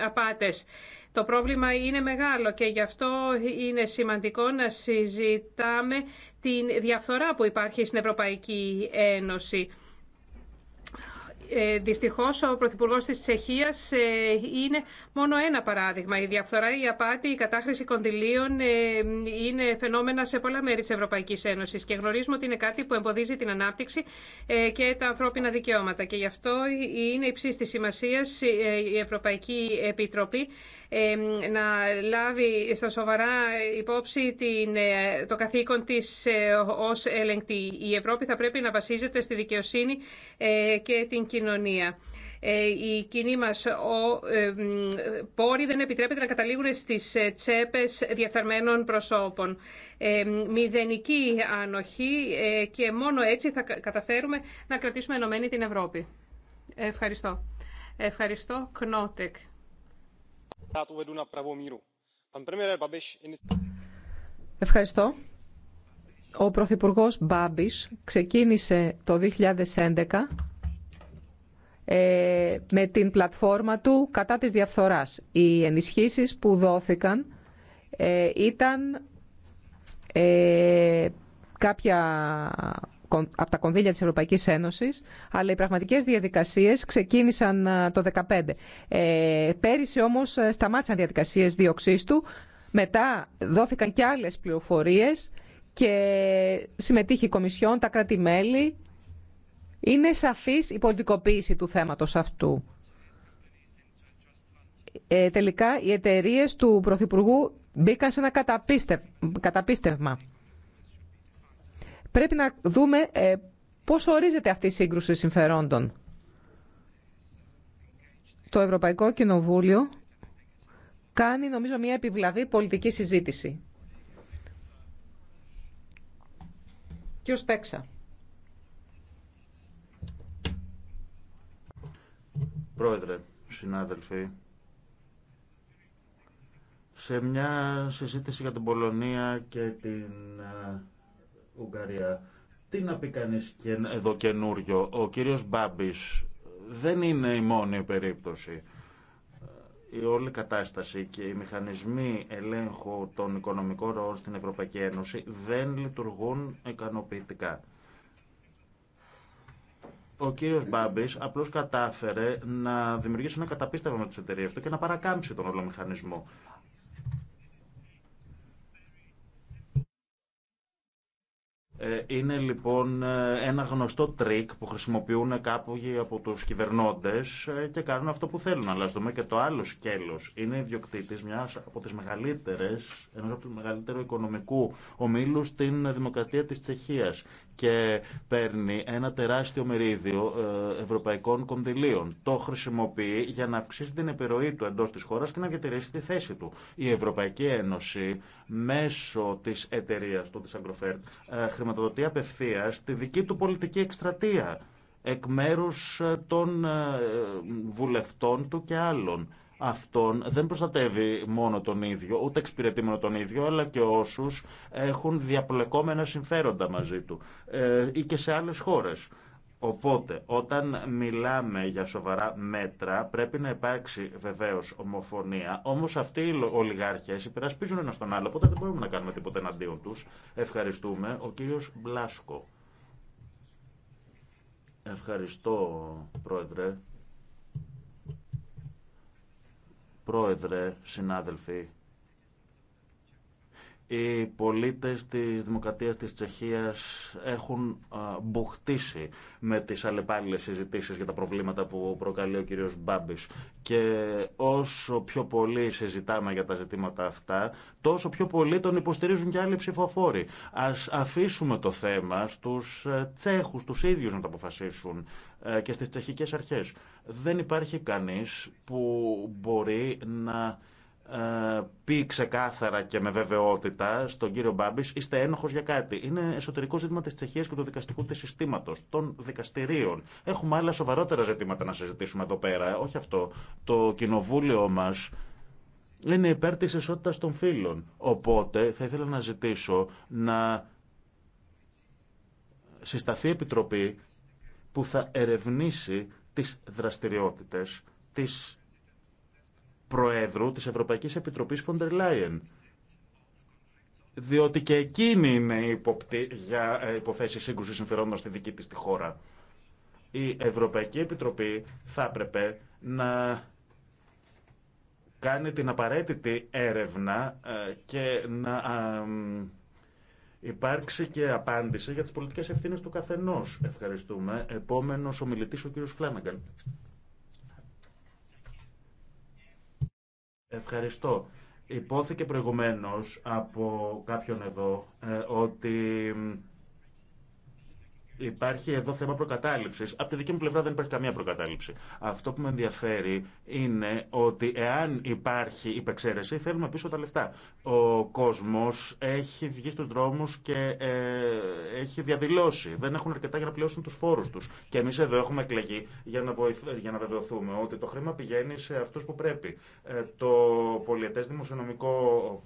απάτες. Το πρόβλημα είναι μεγάλο και γι' αυτό είναι σημαντικό να συζητάμε την διαφθορά που υπάρχει στην Ευρωπαϊκή Ένωση. Ε, Δυστυχώ, ο Πρωθυπουργός της Τσεχίας ε, είναι μόνο ένα παράδειγμα. Η διαφθορά, η απάτη, η κατάχρηση κονδυλίων ε, είναι φαινόμενα σε πολλά μέρη της Ευρωπαϊκής Ένωση. και γνωρίζουμε ότι είναι κάτι που εμποδίζει την ανάπτυξη και τα ανθρώπινα δικαιώματα. Και γι' αυτό είναι υψής της σημασίας η Ευρωπαϊκή Επιτροπή να λάβει στα σοβαρά υπόψη την, ε, το καθήκον της ε, ως ελεγκτή. Η Ευρώπη θα πρέπει να βασίζεται στη δικαιοσύνη ε, και την κοινωνία. Οι κοινοί μας πόροι δεν επιτρέπεται να καταλήγουν στις τσέπες διαφερμένων προσώπων. Μηδενική ανοχή και μόνο έτσι θα καταφέρουμε να κρατήσουμε ενωμένη την Ευρώπη. Ευχαριστώ. Ευχαριστώ, Κνότεκ. Ευχαριστώ. Ο Πρωθυπουργό Μπάμπη ξεκίνησε το 2011 ε, με την πλατφόρμα του κατά της διαφθοράς. Οι ενισχύσεις που δόθηκαν ε, ήταν ε, κάποια από τα κονδύλια της Ευρωπαϊκής Ένωσης, αλλά οι πραγματικές διαδικασίες ξεκίνησαν ε, το 2015. Ε, πέρυσι όμως ε, σταμάτησαν διαδικασίες δίωξής του, μετά δόθηκαν και άλλες πληροφορίες και συμμετείχε η Κομισιόν, τα κράτη-μέλη. Είναι σαφής η πολιτικοποίηση του θέματος αυτού. Ε, τελικά οι εταιρείε του Πρωθυπουργού μπήκαν σε ένα καταπίστευμα. Πρέπει να δούμε ε, πώς ορίζεται αυτή η σύγκρουση συμφερόντων. Το Ευρωπαϊκό Κοινοβούλιο κάνει, νομίζω, μια επιβλαβή πολιτική συζήτηση. Κύριο Πέξα. Πρόεδρε, συνάδελφοι, σε μια συζήτηση για την Πολωνία και την ε, Ουγγαρία. Τι να πει κανεί και εδώ καινούριο. Ο κύριος Μπάμπης δεν είναι η μόνη περίπτωση. Ε, η όλη κατάσταση και οι μηχανισμοί ελέγχου των οικονομικών ροών στην Ευρωπαϊκή Ένωση δεν λειτουργούν ικανοποιητικά. Ο κύριος Μπάμπης απλώς κατάφερε να δημιουργήσει ένα καταπίστευμα με τι εταιρείες του και να παρακάμψει τον όλο μηχανισμό. Είναι λοιπόν ε, ένα γνωστό τρίκ που χρησιμοποιούν κάποιοι από τους κυβερνώντες ε, και κάνουν αυτό που θέλουν. Αλλά δούμε και το άλλο σκέλος. Είναι ιδιοκτήτης μιας από τις μεγαλύτερες, ενός από τους μεγαλύτερου οικονομικού ομίλου στην Δημοκρατία της Τσεχίας και παίρνει ένα τεράστιο μερίδιο ε, ευρωπαϊκών κονδυλίων. Το χρησιμοποιεί για να αυξήσει την επιρροή του εντό τη χώρα και να διατηρήσει τη θέση του. Η Ευρωπαϊκή Ένωση μέσω της εταιρεία του, τη Αγκροφέρτ, ε, χρηματοδοτεί απευθεία τη δική του πολιτική εκστρατεία εκ μέρους ε, των βουλευτών του και άλλων αυτών δεν προστατεύει μόνο τον ίδιο, ούτε εξυπηρετεί μόνο τον ίδιο, αλλά και όσου έχουν διαπλεκόμενα συμφέροντα μαζί του ε, ή και σε άλλε χώρε. Οπότε, όταν μιλάμε για σοβαρά μέτρα, πρέπει να υπάρξει βεβαίω ομοφωνία. Όμω αυτοί οι ολιγάρχε υπερασπίζουν ένα τον άλλο, οπότε δεν μπορούμε να κάνουμε τίποτα εναντίον του. Ευχαριστούμε. Ο κύριο Μπλάσκο. Ευχαριστώ, Πρόεδρε. Πρόεδρε, συνάδελφοι, οι πολίτες της Δημοκρατίας της Τσεχίας έχουν μπουχτίσει με τις αλλεπάλληλες συζητήσεις για τα προβλήματα που προκαλεί ο κύριος Μπάμπης. Και όσο πιο πολύ συζητάμε για τα ζητήματα αυτά, τόσο πιο πολύ τον υποστηρίζουν και άλλοι ψηφοφόροι. Ας αφήσουμε το θέμα στους ε, Τσέχους, τους ίδιους να το αποφασίσουν ε, και στις τσεχικές αρχές. Δεν υπάρχει κανείς που μπορεί να ε, πει ξεκάθαρα και με βεβαιότητα στον κύριο Μπάμπη, είστε ένοχο για κάτι. Είναι εσωτερικό ζήτημα τη Τσεχία και του δικαστικού τη συστήματο, των δικαστηρίων. Έχουμε άλλα σοβαρότερα ζητήματα να συζητήσουμε εδώ πέρα. Όχι αυτό. Το κοινοβούλιο μα είναι υπέρ τη ισότητα των φίλων. Οπότε θα ήθελα να ζητήσω να συσταθεί επιτροπή που θα ερευνήσει τις δραστηριότητες, τις Προέδρου της Ευρωπαϊκής Επιτροπής Φοντερ Λάιεν. Διότι και εκείνη είναι υποπτή για ε, υποθέσεις σύγκρουση συμφερόντων στη δική της τη χώρα. Η Ευρωπαϊκή Επιτροπή θα έπρεπε να κάνει την απαραίτητη έρευνα ε, και να υπάρξει και απάντηση για τις πολιτικές ευθύνες του καθενός. Ευχαριστούμε. Επόμενος ομιλητής ο κύριος Φλάναγκαν. Ευχαριστώ. Υπόθηκε προηγουμένως από κάποιον εδώ ε, ότι Υπάρχει εδώ θέμα προκατάληψη. Από τη δική μου πλευρά δεν υπάρχει καμία προκατάληψη. Αυτό που με ενδιαφέρει είναι ότι εάν υπάρχει υπεξαίρεση, θέλουμε πίσω τα λεφτά. Ο κόσμο έχει βγει στου δρόμου και ε, έχει διαδηλώσει. Δεν έχουν αρκετά για να πληρώσουν του φόρου του. Και εμεί εδώ έχουμε εκλεγεί για να, βοηθ... βεβαιωθούμε ότι το χρήμα πηγαίνει σε αυτού που πρέπει. Ε, το πολιετέ δημοσιονομικό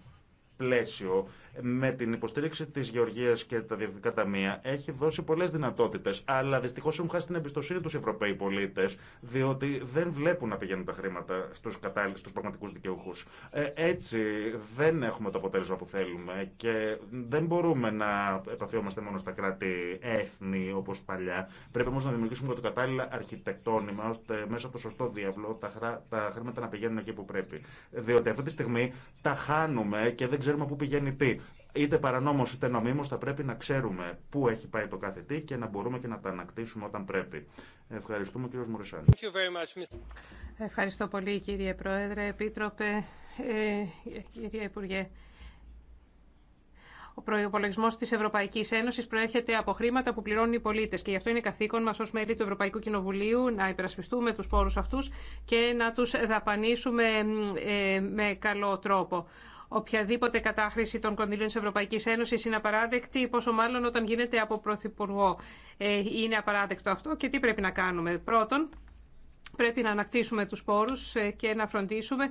πλαίσιο με την υποστήριξη τη Γεωργία και τα διευθυντικά ταμεία έχει δώσει πολλέ δυνατότητε. Αλλά δυστυχώ έχουν χάσει την εμπιστοσύνη του Ευρωπαίοι πολίτε, διότι δεν βλέπουν να πηγαίνουν τα χρήματα στου στους πραγματικού δικαιούχου. Ε, έτσι δεν έχουμε το αποτέλεσμα που θέλουμε και δεν μπορούμε να επαφιόμαστε μόνο στα κράτη-έθνη όπω παλιά. Πρέπει όμω να δημιουργήσουμε το κατάλληλα αρχιτεκτόνημα ώστε μέσα από το σωστό διάβλο τα, τα χρήματα να πηγαίνουν εκεί που πρέπει. Διότι αυτή τη στιγμή τα χάνουμε και δεν ξέρουμε πού πηγαίνει τι είτε παρανόμω είτε νομίμω, θα πρέπει να ξέρουμε πού έχει πάει το κάθε τι και να μπορούμε και να τα ανακτήσουμε όταν πρέπει. Ευχαριστούμε, κύριο Μουρισάνη. Ευχαριστώ πολύ, κύριε Πρόεδρε, Επίτροπε, ε, κύριε Υπουργέ. Ο προπολογισμό τη Ευρωπαϊκή Ένωση προέρχεται από χρήματα που πληρώνουν οι πολίτε και γι' αυτό είναι καθήκον μα ω μέλη του Ευρωπαϊκού Κοινοβουλίου να υπερασπιστούμε του πόρου αυτού και να του δαπανίσουμε ε, με καλό τρόπο. Οποιαδήποτε κατάχρηση των κονδυλίων της Ευρωπαϊκής Ένωσης είναι απαράδεκτη, πόσο μάλλον όταν γίνεται από Πρωθυπουργό. Ε, είναι απαράδεκτο αυτό και τι πρέπει να κάνουμε. Πρώτον, πρέπει να ανακτήσουμε τους πόρους ε, και να φροντίσουμε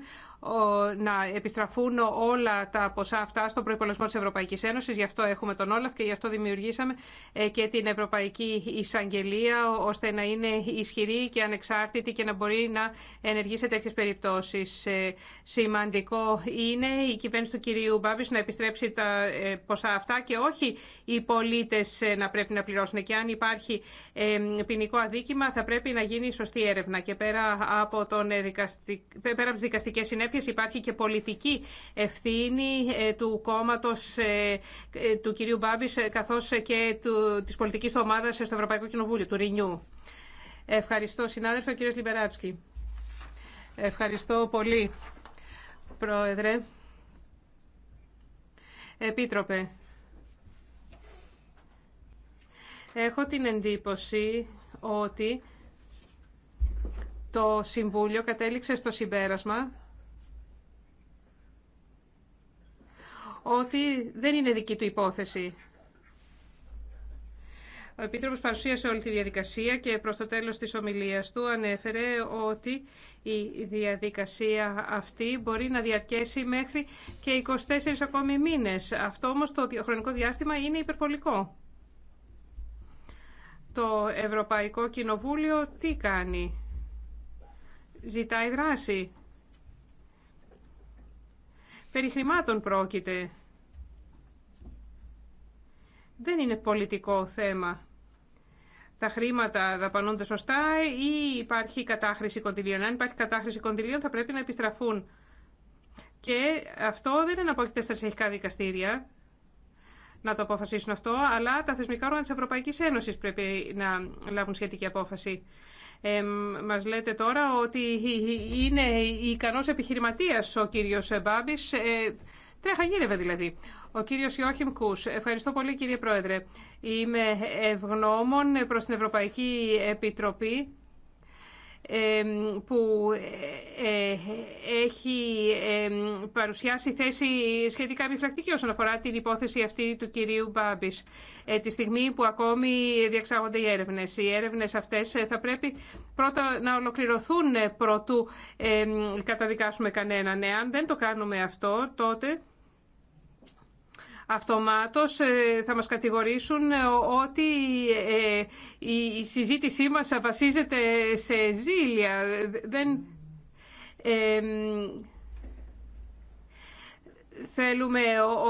να επιστραφούν όλα τα ποσά αυτά στον προπολογισμό τη Ευρωπαϊκή Ένωση. Γι' αυτό έχουμε τον Όλαφ και γι' αυτό δημιουργήσαμε ε, και την Ευρωπαϊκή Εισαγγελία, ώστε να είναι ισχυρή και ανεξάρτητη και να μπορεί να ενεργεί σε τέτοιε περιπτώσει. Ε, σημαντικό είναι η κυβέρνηση του κυρίου Μπάμπη να επιστρέψει τα ε, ποσά αυτά και όχι οι πολίτε να πρέπει να πληρώσουν. Και αν υπάρχει ποινικό αδίκημα, θα πρέπει να γίνει σωστή έρευνα. Και πέρα από, δικαστικ... πέρα από τι δικαστικέ συνέπειε, Υπάρχει και πολιτική ευθύνη ε, του κόμματος ε, ε, του κυρίου Μπάμπης καθώς και του, της πολιτικής του ομάδας στο Ευρωπαϊκό Κοινοβούλιο, του Ρινιού. Ευχαριστώ συνάδελφε, ο κύριος Λιμπεράτσκι. Ευχαριστώ πολύ, Πρόεδρε. Επίτροπε, έχω την εντύπωση ότι το Συμβούλιο κατέληξε στο συμπέρασμα ότι δεν είναι δική του υπόθεση. Ο Επίτροπος παρουσίασε όλη τη διαδικασία και προς το τέλος της ομιλίας του ανέφερε ότι η διαδικασία αυτή μπορεί να διαρκέσει μέχρι και 24 ακόμη μήνες. Αυτό όμως το χρονικό διάστημα είναι υπερβολικό. Το Ευρωπαϊκό Κοινοβούλιο τι κάνει. Ζητάει δράση. Περί χρημάτων πρόκειται δεν είναι πολιτικό θέμα. Τα χρήματα δαπανούνται σωστά ή υπάρχει κατάχρηση κοντιλίων. Αν υπάρχει κατάχρηση κοντιλίων θα πρέπει να επιστραφούν. Και αυτό δεν είναι απόκειται στα τσεχικά δικαστήρια να το αποφασίσουν αυτό, αλλά τα θεσμικά όργανα της Ευρωπαϊκής Ένωσης πρέπει να λάβουν σχετική απόφαση. Ε, μας λέτε τώρα ότι είναι ικανός επιχειρηματίας ο κύριος Μπάμπης. Ε, τρέχα γύρευε δηλαδή. Ο κύριος Ιώχημ Κούς. Ευχαριστώ πολύ κύριε Πρόεδρε. Είμαι ευγνώμων προς την Ευρωπαϊκή Επιτροπή που ε, ε, έχει παρουσιάσει θέση σχετικά επιφρακτική όσον αφορά την υπόθεση αυτή του κυρίου Μπάμπης ε, τη στιγμή που ακόμη διεξάγονται οι έρευνες. Οι έρευνες αυτές θα πρέπει πρώτα να ολοκληρωθούν προτού καταδικάσουμε κανέναν. Εάν δεν το κάνουμε αυτό τότε αυτομάτως ε, θα μας κατηγορήσουν ε, ότι ε, η συζήτησή μας βασίζεται σε ζήλια. Δεν... Θέλουμε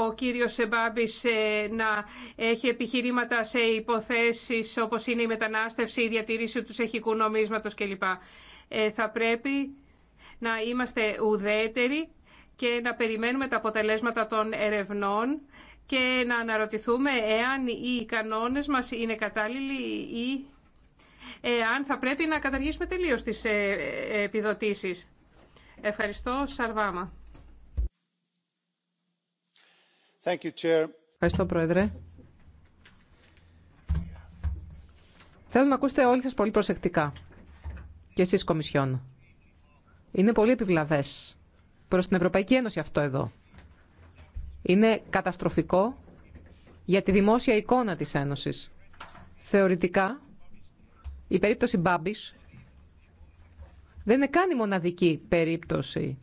ο κύριος Σεμπάμπης να έχει επιχειρήματα σε υποθέσεις όπως είναι η μετανάστευση, η διατήρηση του σεχικού νομίσματος κλπ. Θα πρέπει να είμαστε ουδέτεροι και να περιμένουμε τα αποτελέσματα των ερευνών και να αναρωτηθούμε εάν οι κανόνες μας είναι κατάλληλοι ή εάν θα πρέπει να καταργήσουμε τελείως τις ε, επιδοτήσεις. Ευχαριστώ, Σαρβάμα. Thank you, Chair. Ευχαριστώ, Πρόεδρε. Θέλω να ακούσετε όλοι σας πολύ προσεκτικά και εσείς Κομισιόν. Είναι πολύ επιβλαβές προς την Ευρωπαϊκή Ένωση αυτό εδώ είναι καταστροφικό για τη δημόσια εικόνα της Ένωσης. Θεωρητικά, η περίπτωση Μπάμπης δεν είναι καν η μοναδική περίπτωση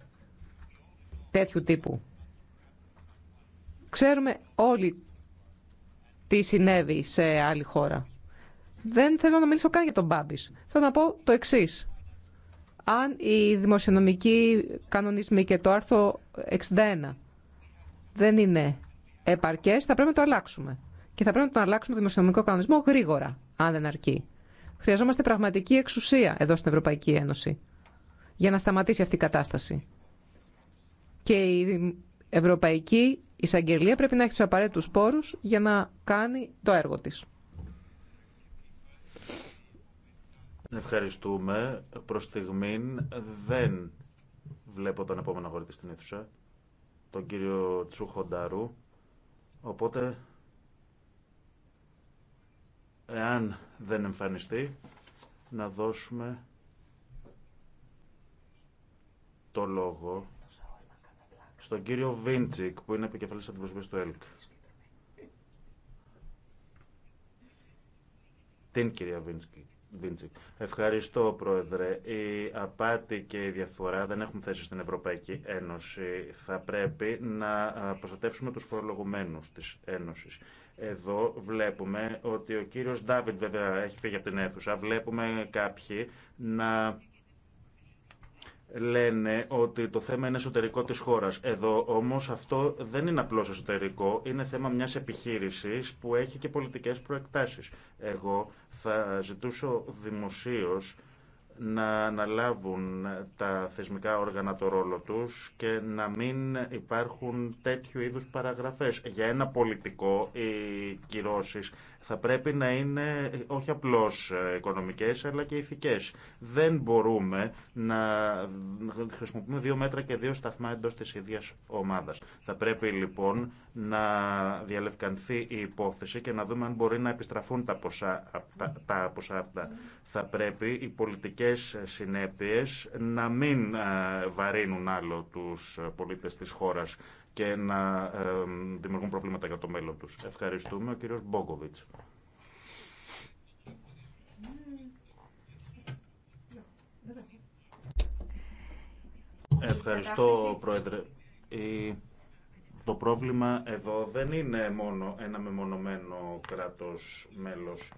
τέτοιου τύπου. Ξέρουμε όλοι τι συνέβη σε άλλη χώρα. Δεν θέλω να μιλήσω καν για τον Μπάμπης. Θέλω να πω το εξής. Αν οι δημοσιονομικοί κανονισμοί και το άρθρο 61 δεν είναι επαρκέ, θα πρέπει να το αλλάξουμε. Και θα πρέπει να το αλλάξουμε το δημοσιονομικό κανονισμό γρήγορα, αν δεν αρκεί. Χρειαζόμαστε πραγματική εξουσία εδώ στην Ευρωπαϊκή Ένωση για να σταματήσει αυτή η κατάσταση. Και η Ευρωπαϊκή Εισαγγελία πρέπει να έχει του απαραίτητου πόρου για να κάνει το έργο τη. Ευχαριστούμε. Προ στιγμήν δεν βλέπω τον επόμενο αγορητή στην αίθουσα τον κύριο Τσουχονταρού. Οπότε, εάν δεν εμφανιστεί, να δώσουμε το λόγο στον κύριο Βίντσικ, που είναι επικεφαλής αντιπροσωπής του ΕΛΚ. Την κυρία Βίντσικ. Ευχαριστώ, Πρόεδρε. Η απάτη και η διαφορά δεν έχουν θέση στην Ευρωπαϊκή Ένωση. Θα πρέπει να προστατεύσουμε τους φορολογουμένους της Ένωσης. Εδώ βλέπουμε ότι ο κύριος Ντάβιντ βέβαια έχει φύγει από την αίθουσα. Βλέπουμε κάποιοι να λένε ότι το θέμα είναι εσωτερικό της χώρας. Εδώ όμως αυτό δεν είναι απλώς εσωτερικό, είναι θέμα μιας επιχείρησης που έχει και πολιτικές προεκτάσεις. Εγώ θα ζητούσω δημοσίως να αναλάβουν τα θεσμικά όργανα το ρόλο τους και να μην υπάρχουν τέτοιου είδους παραγραφές. Για ένα πολιτικό οι κυρώσεις θα πρέπει να είναι ε, όχι απλώς ε, οικονομικές αλλά και ηθικές. Δεν μπορούμε να χρησιμοποιούμε δύο μέτρα και δύο σταθμά εντός της ίδιας ομάδας. Θα πρέπει λοιπόν να διαλευκανθεί η υπόθεση και να δούμε αν μπορεί να επιστραφούν τα ποσά, αυτά. Θα πρέπει οι πολιτικές συνέπειες να μην ε, βαρύνουν άλλο τους πολίτες της χώρας και να δημιουργούν προβλήματα για το μέλλον τους. Ευχαριστούμε. Ο κύριος Μπόγκοβιτς. Ευχαριστώ, Πρόεδρε. Το πρόβλημα εδώ δεν είναι μόνο ένα μεμονωμένο κράτος μέλος.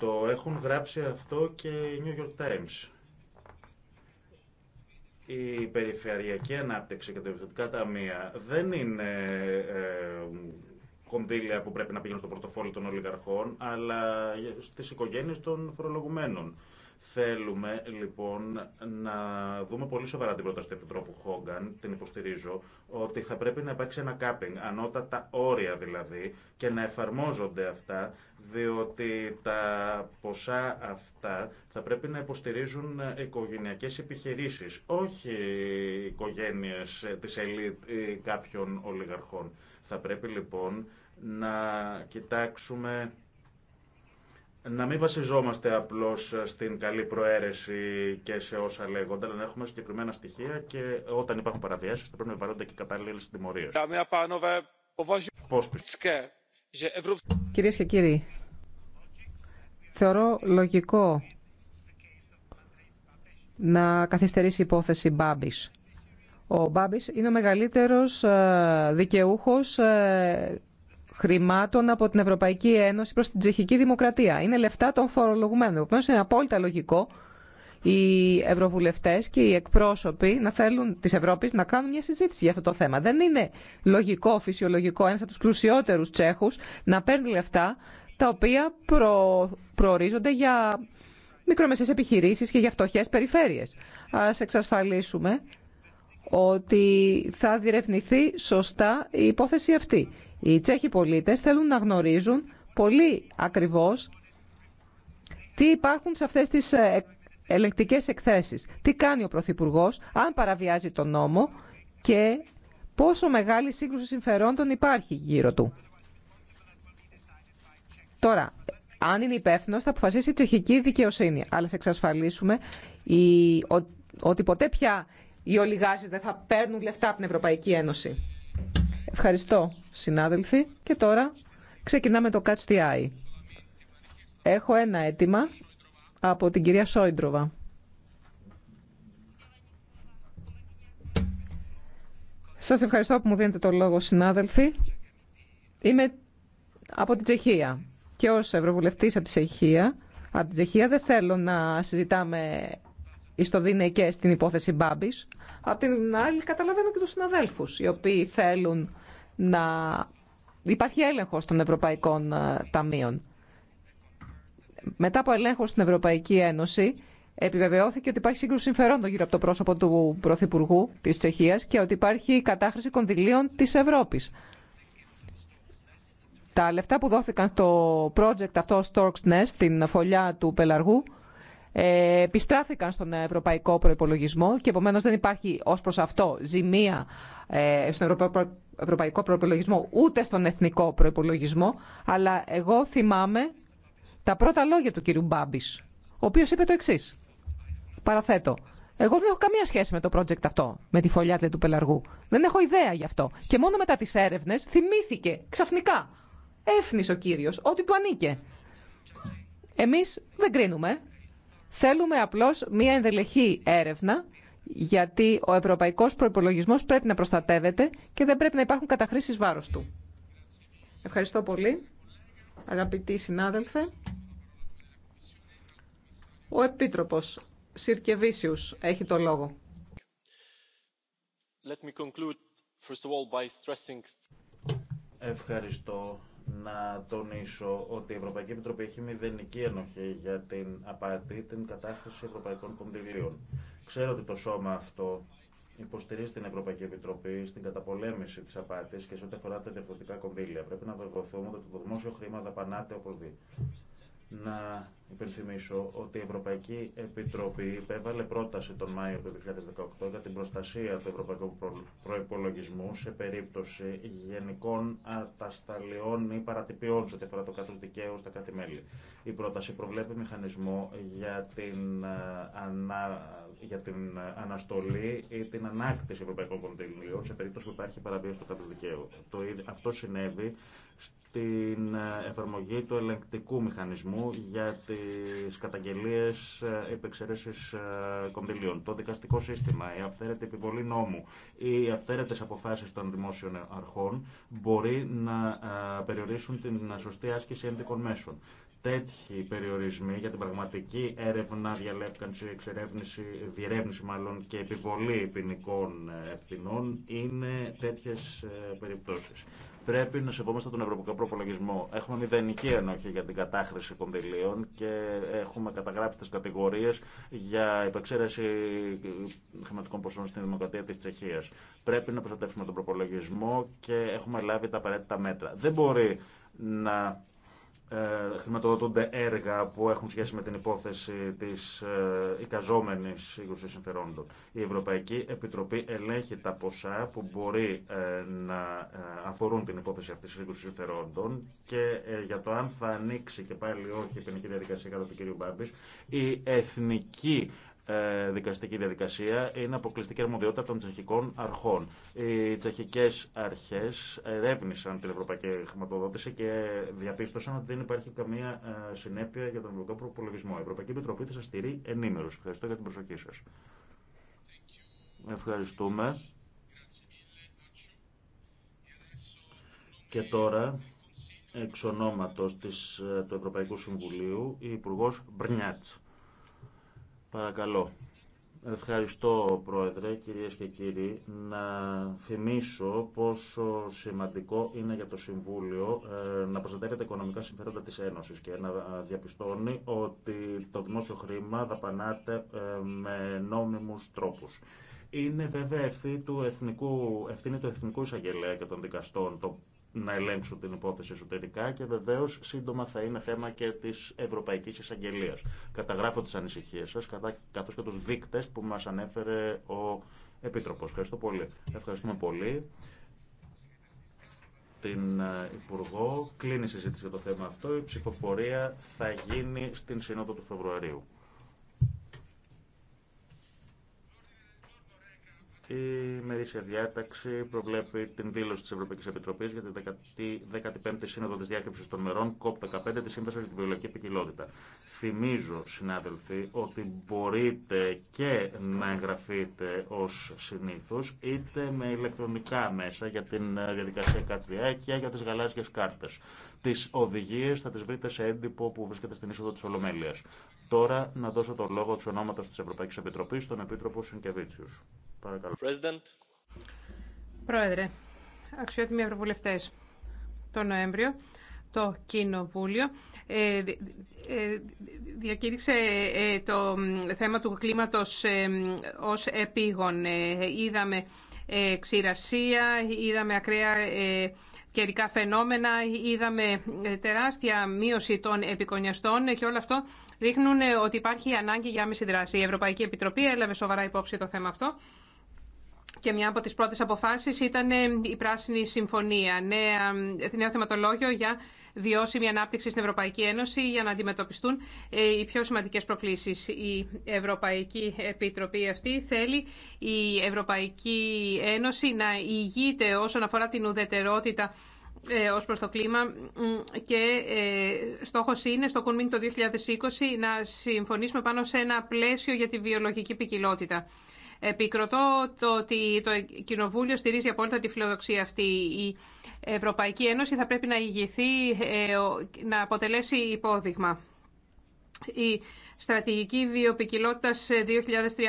Το έχουν γράψει αυτό και οι New York Times η περιφερειακή ανάπτυξη και τα διευθυντικά ταμεία δεν είναι ε, κονδύλια που πρέπει να πηγαίνουν στο πορτοφόλι των ολιγαρχών, αλλά στις οικογένειες των φορολογουμένων. Θέλουμε λοιπόν να δούμε πολύ σοβαρά την πρόταση του Επιτρόπου Χόγκαν, την υποστηρίζω, ότι θα πρέπει να υπάρξει ένα κάπινγκ, ανώτατα όρια δηλαδή, και να εφαρμόζονται αυτά, διότι τα ποσά αυτά θα πρέπει να υποστηρίζουν οικογενειακές επιχειρήσεις, όχι οικογένειες της ελίτ ή κάποιων ολιγαρχών. Θα πρέπει λοιπόν να κοιτάξουμε να μην βασιζόμαστε απλώς στην καλή προαίρεση και σε όσα λέγονται, αλλά να έχουμε συγκεκριμένα στοιχεία και όταν υπάρχουν παραβιάσεις θα πρέπει να βαρώνται και κατάλληλε τιμωρίε. Κυρίε και κύριοι, θεωρώ λογικό να καθυστερήσει η υπόθεση Μπάμπης. Ο Μπάμπη είναι ο μεγαλύτερο ε, δικαιούχο ε, χρημάτων από την Ευρωπαϊκή Ένωση προ την Τσεχική Δημοκρατία. Είναι λεφτά των φορολογουμένων. Επομένω είναι απόλυτα λογικό οι ευρωβουλευτέ και οι εκπρόσωποι να θέλουν τη Ευρώπη να κάνουν μια συζήτηση για αυτό το θέμα. Δεν είναι λογικό, φυσιολογικό, ένα από του πλουσιότερους τσέχου να παίρνει λεφτά τα οποία προ... προορίζονται για μικρομεσαίες επιχειρήσεις και για φτωχές περιφέρειες. Ας εξασφαλίσουμε ότι θα διερευνηθεί σωστά η υπόθεση αυτή. Οι Τσέχοι πολίτες θέλουν να γνωρίζουν πολύ ακριβώς τι υπάρχουν σε αυτές τις ε, ελεκτικές εκθέσεις. Τι κάνει ο Πρωθυπουργό, αν παραβιάζει τον νόμο και πόσο μεγάλη σύγκρουση συμφερόντων υπάρχει γύρω του. Τώρα, αν είναι υπεύθυνο, θα αποφασίσει η τσεχική δικαιοσύνη. Αλλά σε εξασφαλίσουμε ότι ποτέ πια οι ολιγάσεις δεν θα παίρνουν λεφτά από την Ευρωπαϊκή Ένωση. Ευχαριστώ, συνάδελφοι. Και τώρα ξεκινάμε το Catch the Eye. Έχω ένα αίτημα από την κυρία Σόιντροβα. Σας ευχαριστώ που μου δίνετε το λόγο, συνάδελφοι. Είμαι από την Τσεχία και ως Ευρωβουλευτής από την Τσεχία, από την Τσεχία δεν θέλω να συζητάμε και στην υπόθεση Μπάμπη. Απ' την άλλη καταλαβαίνω και τους συναδέλφου, οι οποίοι θέλουν να υπάρχει έλεγχο των Ευρωπαϊκών ε, Ταμείων. Μετά από έλεγχο στην Ευρωπαϊκή Ένωση επιβεβαιώθηκε ότι υπάρχει σύγκρουση συμφερόντων γύρω από το πρόσωπο του Πρωθυπουργού της Τσεχίας και ότι υπάρχει κατάχρηση κονδυλίων τη Ευρώπη. Τα λεφτά που δόθηκαν στο project αυτό Storks Nest, την φωλιά του πελαργού, ε, επιστράφηκαν στον ευρωπαϊκό προπολογισμό και επομένω δεν υπάρχει ω προ αυτό ζημία ε, στον ευρωπαϊκό προπολογισμό ούτε στον εθνικό προπολογισμό. Αλλά εγώ θυμάμαι τα πρώτα λόγια του κύριου Μπάμπη, ο οποίο είπε το εξή. Παραθέτω. Εγώ δεν έχω καμία σχέση με το project αυτό, με τη φωλιά του πελαργού. Δεν έχω ιδέα γι' αυτό. Και μόνο μετά τι έρευνε θυμήθηκε ξαφνικά. Έφνης ο κύριος, ότι του ανήκε. Εμείς δεν κρίνουμε. Θέλουμε απλώς μία ενδελεχή έρευνα γιατί ο ευρωπαϊκός προϋπολογισμός πρέπει να προστατεύεται και δεν πρέπει να υπάρχουν καταχρήσεις βάρος του. Ευχαριστώ πολύ, αγαπητοί συνάδελφε. Ο Επίτροπος Συρκεβίσιους έχει το λόγο. Let me conclude, first of all, by stressing... Ευχαριστώ να τονίσω ότι η Ευρωπαϊκή Επιτροπή έχει μηδενική ενοχή για την απάτη, την κατάχρηση ευρωπαϊκών κονδυλίων. Ξέρω ότι το σώμα αυτό υποστηρίζει την Ευρωπαϊκή Επιτροπή στην καταπολέμηση τη απάτη και σε ό,τι αφορά τα διαφορετικά κονδύλια. Πρέπει να βεβαιωθούμε ότι το δημόσιο χρήμα δαπανάται όπω δει να υπενθυμίσω ότι η Ευρωπαϊκή Επιτροπή υπέβαλε πρόταση τον Μάιο του 2018 για την προστασία του ευρωπαϊκού προπολογισμού σε περίπτωση γενικών ατασταλιών ή παρατυπιών σε ό,τι αφορά το κράτο δικαίου στα κάτι μέλη. Η πρόταση προβλέπει μηχανισμό για την, ε, ανα... για την αναστολή ή την ανάκτηση ευρωπαϊκών κονδυλίων σε περίπτωση που υπάρχει παραβίαση του κάτω δικαίου. Το... Αυτό συνέβη στην εφαρμογή του ελεγκτικού μηχανισμού για τις καταγγελίες ε, επεξαιρέσεις ε, κονδυλίων, το δικαστικό σύστημα, η αυθαίρετη επιβολή νόμου, οι αυθαίρετες αποφάσεις των δημόσιων αρχών μπορεί να ε, περιορίσουν την σωστή άσκηση ένδικων μέσων τέτοιοι περιορισμοί για την πραγματική έρευνα, διαλεύκανση, εξερεύνηση, διερεύνηση μάλλον και επιβολή ποινικών ευθυνών είναι τέτοιες περιπτώσεις. Πρέπει να σεβόμαστε τον ευρωπαϊκό προπολογισμό. Έχουμε μηδενική ενόχη για την κατάχρηση κονδυλίων και έχουμε καταγράψει τι κατηγορίε για υπεξαίρεση χρηματικών ποσών στην Δημοκρατία τη Τσεχία. Πρέπει να προστατεύσουμε τον προπολογισμό και έχουμε λάβει τα απαραίτητα μέτρα. Δεν μπορεί να ε, χρηματοδοτούνται έργα που έχουν σχέση με την υπόθεση της ε, σύγκρουση συμφερόντων. Η Ευρωπαϊκή Επιτροπή ελέγχει τα ποσά που μπορεί ε, να ε, αφορούν την υπόθεση αυτής τη σύγκρουση συμφερόντων και ε, για το αν θα ανοίξει και πάλι όχι η ποινική διαδικασία κατά του κ. Μπάμπη, η εθνική ε, δικαστική διαδικασία είναι αποκλειστική αρμοδιότητα των τσεχικών αρχών. Οι τσεχικέ αρχέ ερεύνησαν την ευρωπαϊκή χρηματοδότηση και διαπίστωσαν ότι δεν υπάρχει καμία ε, συνέπεια για τον ευρωπαϊκό προπολογισμό. Η Ευρωπαϊκή Επιτροπή θα σα στηρεί ενήμερου. Ευχαριστώ για την προσοχή σα. Ευχαριστούμε. Και τώρα, εξ ονόματος της, ε, του Ευρωπαϊκού Συμβουλίου, η Υπουργός Μπρνιάτς. Παρακαλώ. Ευχαριστώ, Πρόεδρε, κυρίες και κύριοι. Να θυμίσω πόσο σημαντικό είναι για το Συμβούλιο ε, να προστατεύεται οικονομικά συμφέροντα της Ένωσης και να διαπιστώνει ότι το δημόσιο χρήμα δαπανάται ε, με νόμιμους τρόπους. Είναι βέβαια ευθύνη του Εθνικού, ευθύνη του Εθνικού Εισαγγελέα και των δικαστών το να ελέγξουν την υπόθεση εσωτερικά και βεβαίω σύντομα θα είναι θέμα και τη Ευρωπαϊκή Εισαγγελία. Καταγράφω τι ανησυχίε σα καθώ και του δείκτε που μα ανέφερε ο Επίτροπο. Ευχαριστώ πολύ. Ευχαριστούμε πολύ την ε, Υπουργό. Κλείνει η συζήτηση για το θέμα αυτό. Η ψηφοφορία θα γίνει στην Σύνοδο του Φεβρουαρίου. Η μερίσια διάταξη προβλέπει την δήλωση τη Ευρωπαϊκή Επιτροπή για την 15η Σύνοδο τη Διάκριση των Μερών, COP15, τη Σύμβαση για τη Βιολογική Ποικιλότητα. Θυμίζω, συνάδελφοι, ότι μπορείτε και να εγγραφείτε ω συνήθω, είτε με ηλεκτρονικά μέσα για την διαδικασία ΚΑΤΣΔΙΑ και για τι γαλάζιε κάρτε. Τι οδηγίε θα τι βρείτε σε έντυπο που βρίσκεται στην είσοδο τη Ολομέλεια. Τώρα να δώσω το λόγο του ονόματο τη Ευρωπαϊκή Επιτροπή, τον Επίτροπο Σινκεβίτσιου. Πρόεδρε, αξιότιμοι ευρωβουλευτέ, το Νοέμβριο το Κοινοβούλιο ε, ε διακήρυξε ε, το θέμα του κλίματος ε, ως επίγον. είδαμε ξηρασία, είδαμε ακραία καιρικά φαινόμενα, είδαμε τεράστια μείωση των επικονιαστών και όλο αυτό δείχνουν ότι υπάρχει ανάγκη για άμεση δράση. Η Ευρωπαϊκή Επιτροπή έλαβε σοβαρά υπόψη το θέμα αυτό και μια από τις πρώτες αποφάσεις ήταν ε, η Πράσινη Συμφωνία, νέα, ε, νέο θεματολόγιο για βιώσιμη ανάπτυξη στην Ευρωπαϊκή Ένωση για να αντιμετωπιστούν ε, οι πιο σημαντικές προκλήσεις. Η Ευρωπαϊκή Επιτροπή αυτή θέλει η Ευρωπαϊκή Ένωση να ηγείται όσον αφορά την ουδετερότητα ως προς το κλίμα και στόχος είναι στο Κουνμίν το 2020 να συμφωνήσουμε πάνω σε ένα πλαίσιο για τη βιολογική ποικιλότητα. Επικροτώ το ότι το Κοινοβούλιο στηρίζει απόλυτα τη φιλοδοξία αυτή. Η Ευρωπαϊκή Ένωση θα πρέπει να ηγηθεί, ε, να αποτελέσει υπόδειγμα. Η στρατηγική βιοπικιλότητα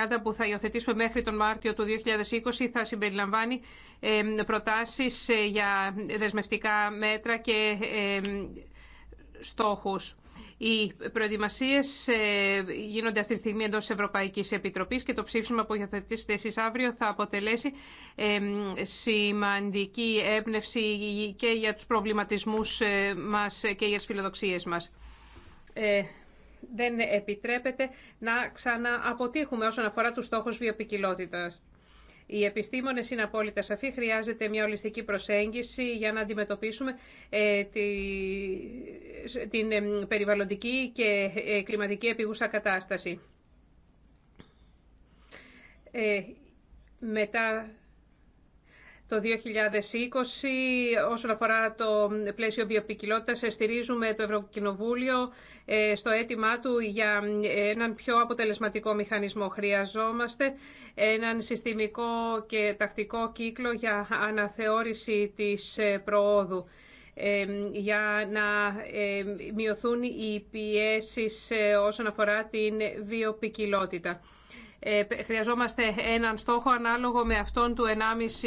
2030 ε, που θα υιοθετήσουμε μέχρι τον Μάρτιο του 2020 θα συμπεριλαμβάνει ε, προτάσεις για δεσμευτικά μέτρα και στόχους. Οι προετοιμασίες ε, γίνονται αυτή τη στιγμή εντό Ευρωπαϊκής Επιτροπής και το ψήφισμα που υιοθετήσετε εσεί αύριο θα αποτελέσει σημαντική έμπνευση και για τους προβληματισμούς ε, μας και για τις φιλοδοξίες μας. Ε, δεν επιτρέπεται να ξανααποτύχουμε όσον αφορά τους στόχους βιοπικιλότητας. Οι επιστήμονε είναι απόλυτα σαφή, χρειάζεται μια ολιστική προσέγγιση για να αντιμετωπίσουμε ε, την περιβαλλοντική και ε, κλιματική επίγουσα κατάσταση. Ε, μετά το 2020 όσον αφορά το πλαίσιο βιοπικιλότητας. Στηρίζουμε το Ευρωκοινοβούλιο ε, στο αίτημά του για έναν πιο αποτελεσματικό μηχανισμό. Χρειαζόμαστε έναν συστημικό και τακτικό κύκλο για αναθεώρηση της ε, προόδου ε, για να μειωθούν οι πιέσεις όσον αφορά την βιοπικιλότητα. Ε, χρειαζόμαστε έναν στόχο ανάλογο με αυτόν του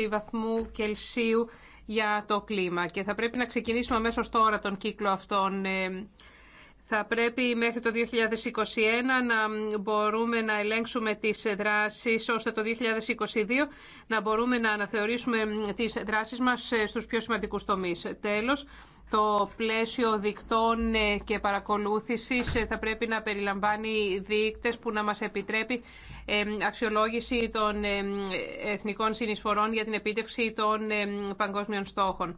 1,5 βαθμού Κελσίου για το κλίμα. Και θα πρέπει να ξεκινήσουμε αμέσως τώρα τον κύκλο αυτών ε, θα πρέπει μέχρι το 2021 να μπορούμε να ελέγξουμε τις δράσεις, ώστε το 2022 να μπορούμε να αναθεωρήσουμε τις δράσεις μας στους πιο σημαντικούς τομείς. Τέλος, το πλαίσιο δικτών και παρακολούθησης θα πρέπει να περιλαμβάνει δείκτες που να μας επιτρέπει αξιολόγηση των εθνικών συνεισφορών για την επίτευξη των παγκόσμιων στόχων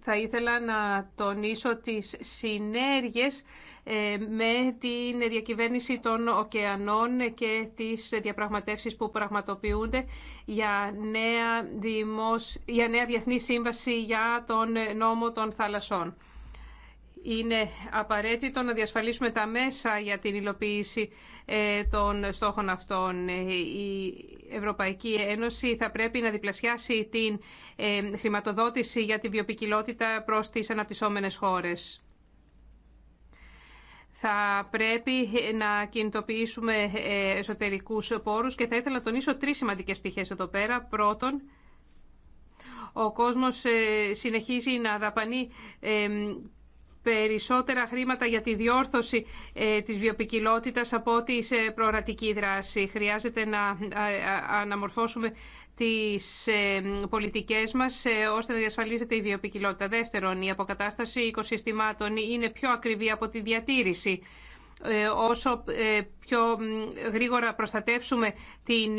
θα ήθελα να τονίσω τις συνέργειες ε, με την διακυβέρνηση των ωκεανών και τις διαπραγματεύσεις που πραγματοποιούνται για νέα, δημοσ... για νέα διεθνή σύμβαση για τον νόμο των θαλασσών. Είναι απαραίτητο να διασφαλίσουμε τα μέσα για την υλοποίηση ε, των στόχων αυτών. Ε, η Ευρωπαϊκή Ένωση θα πρέπει να διπλασιάσει την ε, χρηματοδότηση για τη βιοπικιλότητα προς τις αναπτυσσόμενες χώρες. Θα πρέπει να κινητοποιήσουμε εσωτερικούς πόρους και θα ήθελα να τονίσω τρεις σημαντικές πτυχές εδώ πέρα. Πρώτον, ο κόσμος συνεχίζει να δαπανεί περισσότερα χρήματα για τη διόρθωση ε, της βιοπικιλότητας από ό,τι σε προορατική δράση. Χρειάζεται να αναμορφώσουμε τις ε, πολιτικές μας ε, ώστε να διασφαλίζεται η βιοπικιλότητα. Δεύτερον, η αποκατάσταση οικοσυστημάτων είναι πιο ακριβή από τη διατήρηση. Όσο πιο γρήγορα προστατεύσουμε την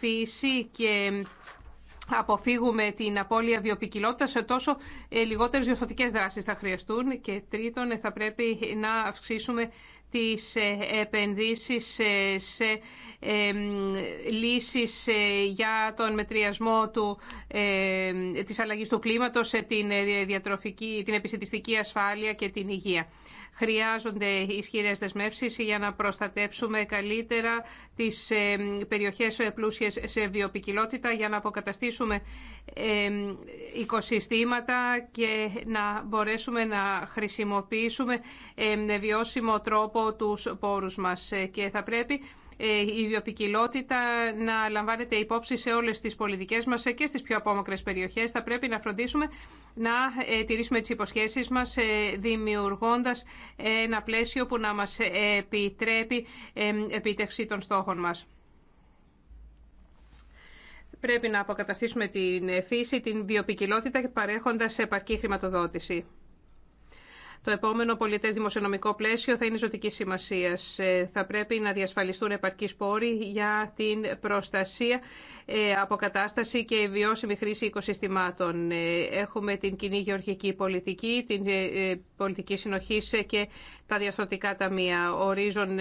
φύση και αποφύγουμε την απώλεια βιοπικιλότητα σε τόσο ε, λιγότερες διορθωτικές δράσεις θα χρειαστούν. Και τρίτον, ε, θα πρέπει να αυξήσουμε τις ε, επενδύσεις σε λύσεις για τον μετριασμό του, της αλλαγής του κλίματος, την, διατροφική, την επιστημιστική ασφάλεια και την υγεία. Χρειάζονται ισχυρές δεσμεύσεις για να προστατεύσουμε καλύτερα τις ε, περιοχές πλούσιες σε βιοπικιλότητα για να αποκαταστήσουμε ε, οικοσυστήματα και να μπορέσουμε να χρησιμοποιήσουμε ε, με βιώσιμο τρόπο τους πόρους μας. Και θα πρέπει ε, η βιοπικιλότητα να λαμβάνεται υπόψη σε όλες τις πολιτικές μας ε, και στις πιο απόμακρες περιοχές. Θα πρέπει να φροντίσουμε να ε, τηρήσουμε τις υποσχέσεις μας δημιουργώντας ένα πλαίσιο που να μας επιτρέπει επίτευξη των στόχων μας. Πρέπει να αποκαταστήσουμε την φύση, την βιοπικιλότητα και παρέχοντας επαρκή χρηματοδότηση. Το επόμενο πολιτέ δημοσιονομικό πλαίσιο θα είναι ζωτική σημασία. Ε, θα πρέπει να διασφαλιστούν επαρκεί πόροι για την προστασία, ε, αποκατάσταση και βιώσιμη χρήση οικοσυστημάτων. Ε, έχουμε την κοινή γεωργική πολιτική, την πολιτική συνοχή και τα διαρθρωτικά ταμεία. Ορίζον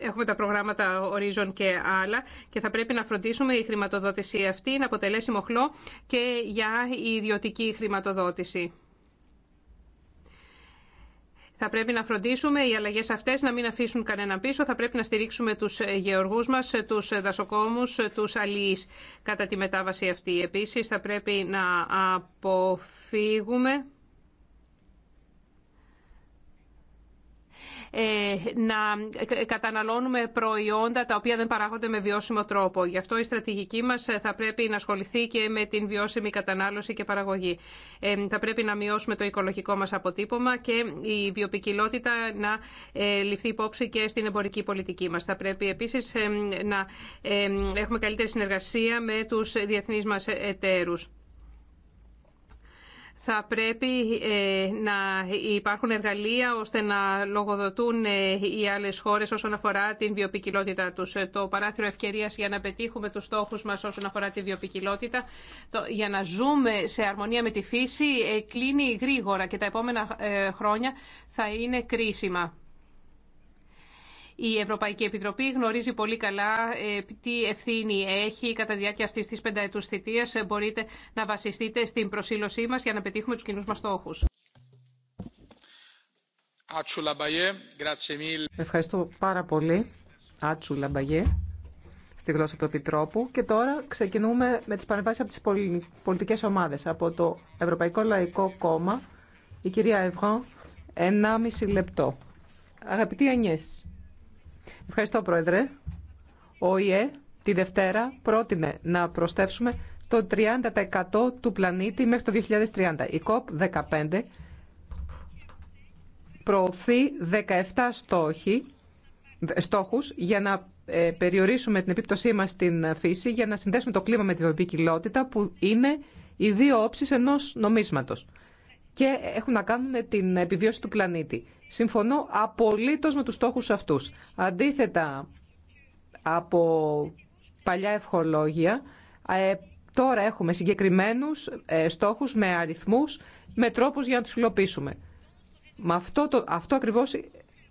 έχουμε τα προγράμματα ορίζων και άλλα και θα πρέπει να φροντίσουμε η χρηματοδότηση αυτή να αποτελέσει μοχλό και για η ιδιωτική χρηματοδότηση. Θα πρέπει να φροντίσουμε οι αλλαγέ αυτές να μην αφήσουν κανέναν πίσω. Θα πρέπει να στηρίξουμε τους ε, γεωργούς μας, ε, τους ε, δασοκόμους, τους αλληλεί κατά τη μετάβαση αυτή. Επίσης θα πρέπει να αποφύγουμε Ε, να καταναλώνουμε προϊόντα τα οποία δεν παράγονται με βιώσιμο τρόπο. Γι' αυτό η στρατηγική μας θα πρέπει να ασχοληθεί και με την βιώσιμη κατανάλωση και παραγωγή. Ε, θα πρέπει να μειώσουμε το οικολογικό μας αποτύπωμα και η βιοπικιλότητα να ε, ληφθεί υπόψη και στην εμπορική πολιτική μας. Θα πρέπει επίσης να έχουμε καλύτερη συνεργασία με του διεθνεί μα εταίρους θα πρέπει ε, να υπάρχουν εργαλεία ώστε να λογοδοτούν ε, οι άλλες χώρες όσον αφορά την βιοπικιλότητα τους. Ε, το παράθυρο ευκαιρίας για να πετύχουμε τους στόχους μας όσον αφορά τη βιοπικιλότητα, για να ζούμε σε αρμονία με τη φύση, κλείνει γρήγορα και τα επόμενα χρόνια θα είναι κρίσιμα. Η Ευρωπαϊκή Επιτροπή γνωρίζει πολύ καλά ε, τι ευθύνη έχει κατά διάρκεια αυτή τη πενταετού θητεία. Ε, μπορείτε να βασιστείτε στην προσήλωσή μα για να πετύχουμε του κοινού μα στόχου. Ευχαριστώ πάρα πολύ, Άτσου Λαμπαγέ, στη γλώσσα του Επιτρόπου. Και τώρα ξεκινούμε με τις παρεμβάσεις από τις πολιτικές ομάδες. Από το Ευρωπαϊκό Λαϊκό Κόμμα, η κυρία Ευγόν, 1,5 λεπτό. Αγαπητή Ανιές, Ευχαριστώ, Πρόεδρε. Ο ΙΕ τη Δευτέρα πρότεινε να προστεύσουμε το 30% του πλανήτη μέχρι το 2030. Η COP15 προωθεί 17 στόχοι, στόχους για να ε, περιορίσουμε την επίπτωσή μας στην φύση, για να συνδέσουμε το κλίμα με τη βιοποικιλότητα που είναι οι δύο όψεις ενός νομίσματος και έχουν να κάνουν την επιβίωση του πλανήτη. Συμφωνώ απολύτως με τους στόχους αυτούς. Αντίθετα από παλιά ευχολόγια, ε, τώρα έχουμε συγκεκριμένους ε, στόχους με αριθμούς, με τρόπους για να τους υλοποιήσουμε. Με αυτό, αυτό ακριβώς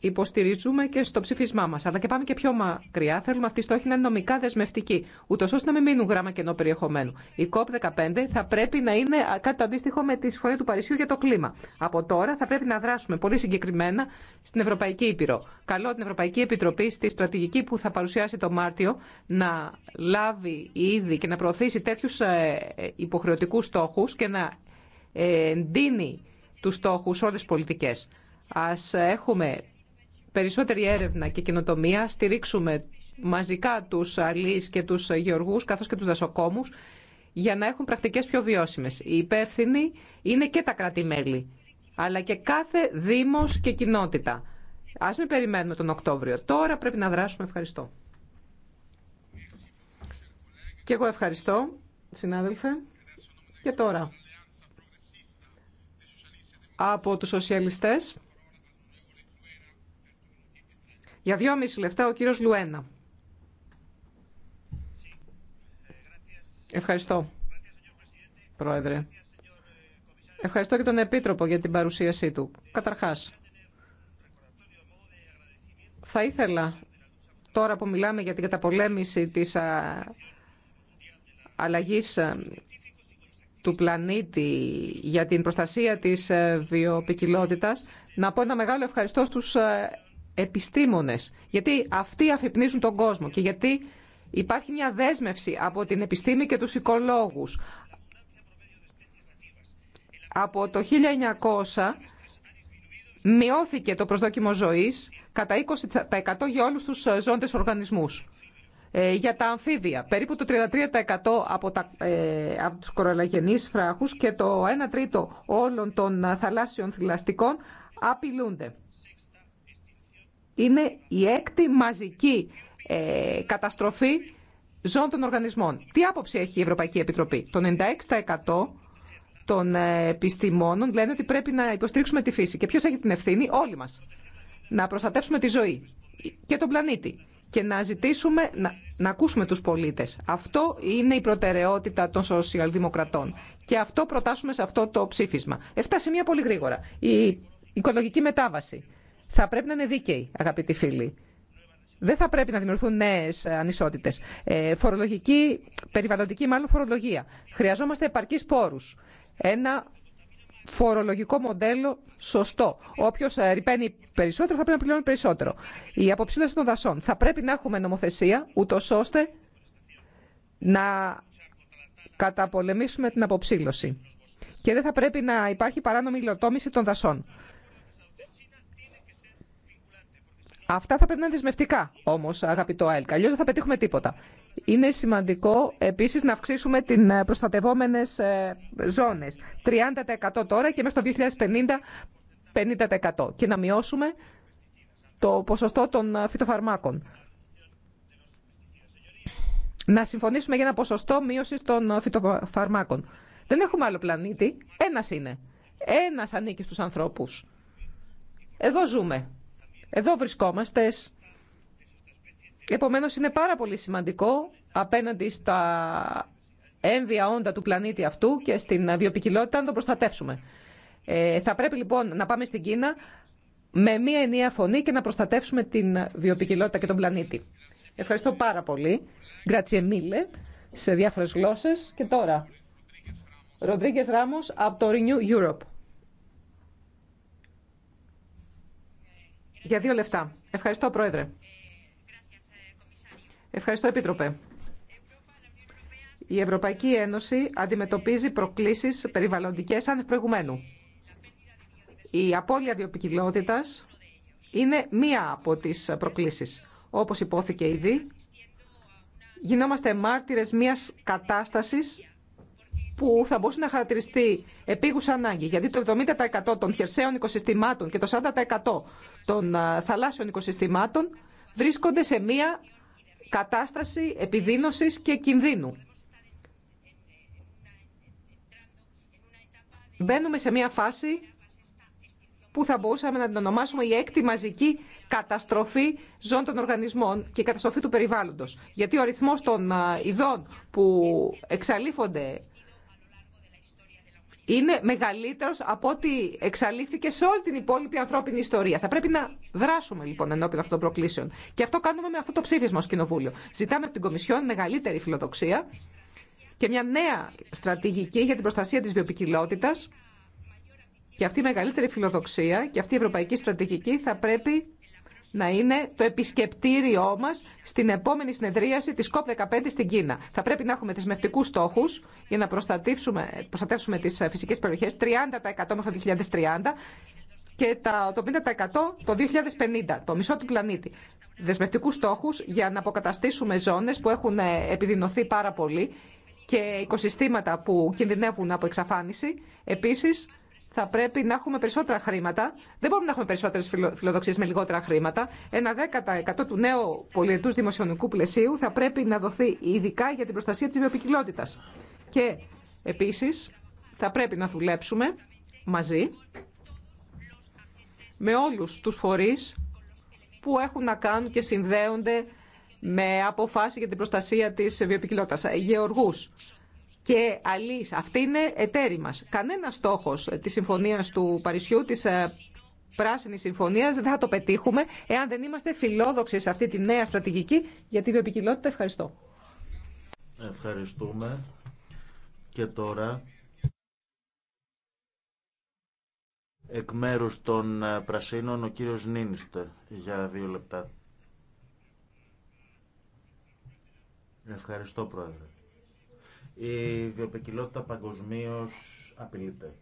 υποστηρίζουμε και στο ψήφισμά μα. Αλλά και πάμε και πιο μακριά. Θέλουμε αυτή η στόχη να είναι νομικά δεσμευτική, ούτω ώστε να μην μείνουν γράμμα κενό περιεχομένου. Η COP15 θα πρέπει να είναι κάτι το αντίστοιχο με τη Συμφωνία του Παρισιού για το κλίμα. Από τώρα θα πρέπει να δράσουμε πολύ συγκεκριμένα στην Ευρωπαϊκή Ήπειρο. Καλό την Ευρωπαϊκή Επιτροπή στη στρατηγική που θα παρουσιάσει το Μάρτιο να λάβει ήδη και να προωθήσει τέτοιου ε, υποχρεωτικού στόχου και να ε, εντείνει του στόχου όλε τι πολιτικέ. έχουμε περισσότερη έρευνα και κοινοτομία. στηρίξουμε μαζικά τους αλείς και τους γεωργού, καθώς και τους δασοκόμους για να έχουν πρακτικές πιο βιώσιμες. Οι υπεύθυνοι είναι και τα κράτη-μέλη, αλλά και κάθε δήμος και κοινότητα. Ας μην περιμένουμε τον Οκτώβριο. Τώρα πρέπει να δράσουμε. Ευχαριστώ. Και εγώ ευχαριστώ, συνάδελφε. Και τώρα, από τους σοσιαλιστές... Για μισή λεφτά ο κύριος Λουένα. Ευχαριστώ, Πρόεδρε. Ευχαριστώ και τον Επίτροπο για την παρουσίασή του. Καταρχάς, θα ήθελα τώρα που μιλάμε για την καταπολέμηση της αλλαγής του πλανήτη για την προστασία της ε, βιοπικιλότητας να πω ένα μεγάλο ευχαριστώ στους ε, επιστήμονες, γιατί αυτοί αφυπνίζουν τον κόσμο και γιατί υπάρχει μια δέσμευση από την επιστήμη και τους οικολόγους. Από το 1900 μειώθηκε το προσδόκιμο ζωής κατά 20% για όλους τους ζώντες οργανισμούς. Ε, για τα αμφίβια, περίπου το 33% από, τα, ε, από τους κορολαγενείς φράχους και το 1 τρίτο όλων των θαλάσσιων θηλαστικών απειλούνται είναι η έκτη μαζική ε, καταστροφή ζώων των οργανισμών. Τι άποψη έχει η Ευρωπαϊκή Επιτροπή. Το 96% των ε, επιστημόνων λένε ότι πρέπει να υποστηρίξουμε τη φύση. Και ποιος έχει την ευθύνη. Όλοι μας. Να προστατεύσουμε τη ζωή και τον πλανήτη και να ζητήσουμε να, ακούσουμε τους πολίτες. Αυτό είναι η προτεραιότητα των σοσιαλδημοκρατών. Και αυτό προτάσουμε σε αυτό το ψήφισμα. Έφτασε μία πολύ γρήγορα. Η οικολογική μετάβαση θα πρέπει να είναι δίκαιοι, αγαπητοί φίλοι. Δεν θα πρέπει να δημιουργηθούν νέε ανισότητε. Ε, φορολογική, περιβαλλοντική μάλλον φορολογία. Χρειαζόμαστε επαρκεί πόρου. Ένα φορολογικό μοντέλο σωστό. Όποιο ε, ρηπαίνει περισσότερο θα πρέπει να πληρώνει περισσότερο. Η αποψήλωση των δασών. Θα πρέπει να έχουμε νομοθεσία ούτω ώστε να καταπολεμήσουμε την αποψήλωση. Και δεν θα πρέπει να υπάρχει παράνομη υλοτόμηση των δασών. Αυτά θα πρέπει να είναι δεσμευτικά όμω, αγαπητό ΑΕΛΚ. Αλλιώ δεν θα πετύχουμε τίποτα. Είναι σημαντικό επίση να αυξήσουμε τι ε, προστατευόμενε ε, ζώνε. 30% τώρα και μέχρι το 2050 50%. Και να μειώσουμε το ποσοστό των ε, φυτοφαρμάκων. Να συμφωνήσουμε για ένα ποσοστό μείωση των φυτοφαρμάκων. Δεν έχουμε άλλο πλανήτη. Ένα είναι. Ένα ανήκει στου ανθρώπου. Εδώ ζούμε. Εδώ βρισκόμαστε. Επομένως είναι πάρα πολύ σημαντικό απέναντι στα έμβια όντα του πλανήτη αυτού και στην βιοπικιλότητα να τον προστατεύσουμε. Ε, θα πρέπει λοιπόν να πάμε στην Κίνα με μία ενιαία φωνή και να προστατεύσουμε την βιοπικιλότητα και τον πλανήτη. Ευχαριστώ πάρα πολύ. Grazie σε διάφορες γλώσσες. Και τώρα, Ροντρίγκες Ράμος από το Renew Europe. Για δύο λεφτά. Ευχαριστώ, Πρόεδρε. Ευχαριστώ, Επίτροπε. Η Ευρωπαϊκή Ένωση αντιμετωπίζει προκλήσεις περιβαλλοντικές σαν προηγουμένου. Η απώλεια βιοπικιλότητας είναι μία από τις προκλήσεις. Όπως υπόθηκε ήδη, γινόμαστε μάρτυρες μιας κατάστασης που θα μπορούσε να χαρακτηριστεί επίγουσα ανάγκη, γιατί το 70% των χερσαίων οικοσυστημάτων και το 40% των θαλάσσιων οικοσυστημάτων βρίσκονται σε μία κατάσταση επιδείνωσης και κινδύνου. Μπαίνουμε σε μία φάση που θα μπορούσαμε να την ονομάσουμε η έκτη μαζική καταστροφή ζών των οργανισμών και η καταστροφή του περιβάλλοντος. Γιατί ο αριθμός των ειδών που εξαλείφονται είναι μεγαλύτερος από ό,τι εξαλείφθηκε σε όλη την υπόλοιπη ανθρώπινη ιστορία. Θα πρέπει να δράσουμε λοιπόν ενώπιον αυτών των προκλήσεων. Και αυτό κάνουμε με αυτό το ψήφισμα ως Κοινοβούλιο. Ζητάμε από την Κομισιόν μεγαλύτερη φιλοδοξία και μια νέα στρατηγική για την προστασία της βιοπικιλότητας. Και αυτή η μεγαλύτερη φιλοδοξία και αυτή η ευρωπαϊκή στρατηγική θα πρέπει να είναι το επισκεπτήριό μας στην επόμενη συνεδρίαση της COP15 στην Κίνα. Θα πρέπει να έχουμε δεσμευτικούς στόχου για να προστατεύσουμε, προστατεύσουμε τις ε, φυσικές περιοχές 30% μέχρι το 2030 και το 50% το 2050, το μισό του πλανήτη. Δεσμευτικούς στόχους για να αποκαταστήσουμε ζώνες που έχουν ε, επιδεινωθεί πάρα πολύ και οικοσυστήματα που κινδυνεύουν από εξαφάνιση. Επίσης, θα πρέπει να έχουμε περισσότερα χρήματα. Δεν μπορούμε να έχουμε περισσότερε φιλοδοξίε με λιγότερα χρήματα. Ένα 10% του νέου πολιετού δημοσιονομικού πλαισίου θα πρέπει να δοθεί ειδικά για την προστασία τη βιοπικιλότητα. Και επίση θα πρέπει να δουλέψουμε μαζί με όλους τους φορείς που έχουν να κάνουν και συνδέονται με αποφάσει για την προστασία τη βιοπικιλότητα. Γεωργούς, και αλής. Αυτή είναι εταίρη μας. Κανένα στόχος τη συμφωνίας του Παρισιού, της ε, πράσινη συμφωνία δεν θα το πετύχουμε εάν δεν είμαστε φιλόδοξοι σε αυτή τη νέα στρατηγική για τη βιοπικιλότητα. Ευχαριστώ. Ευχαριστούμε. Και τώρα εκ μέρους των ε, Πρασίνων ο κύριος Νίνιστερ για δύο λεπτά. Ευχαριστώ Πρόεδρε. Η βιοπικιλότητα παγκοσμίω απειλείται.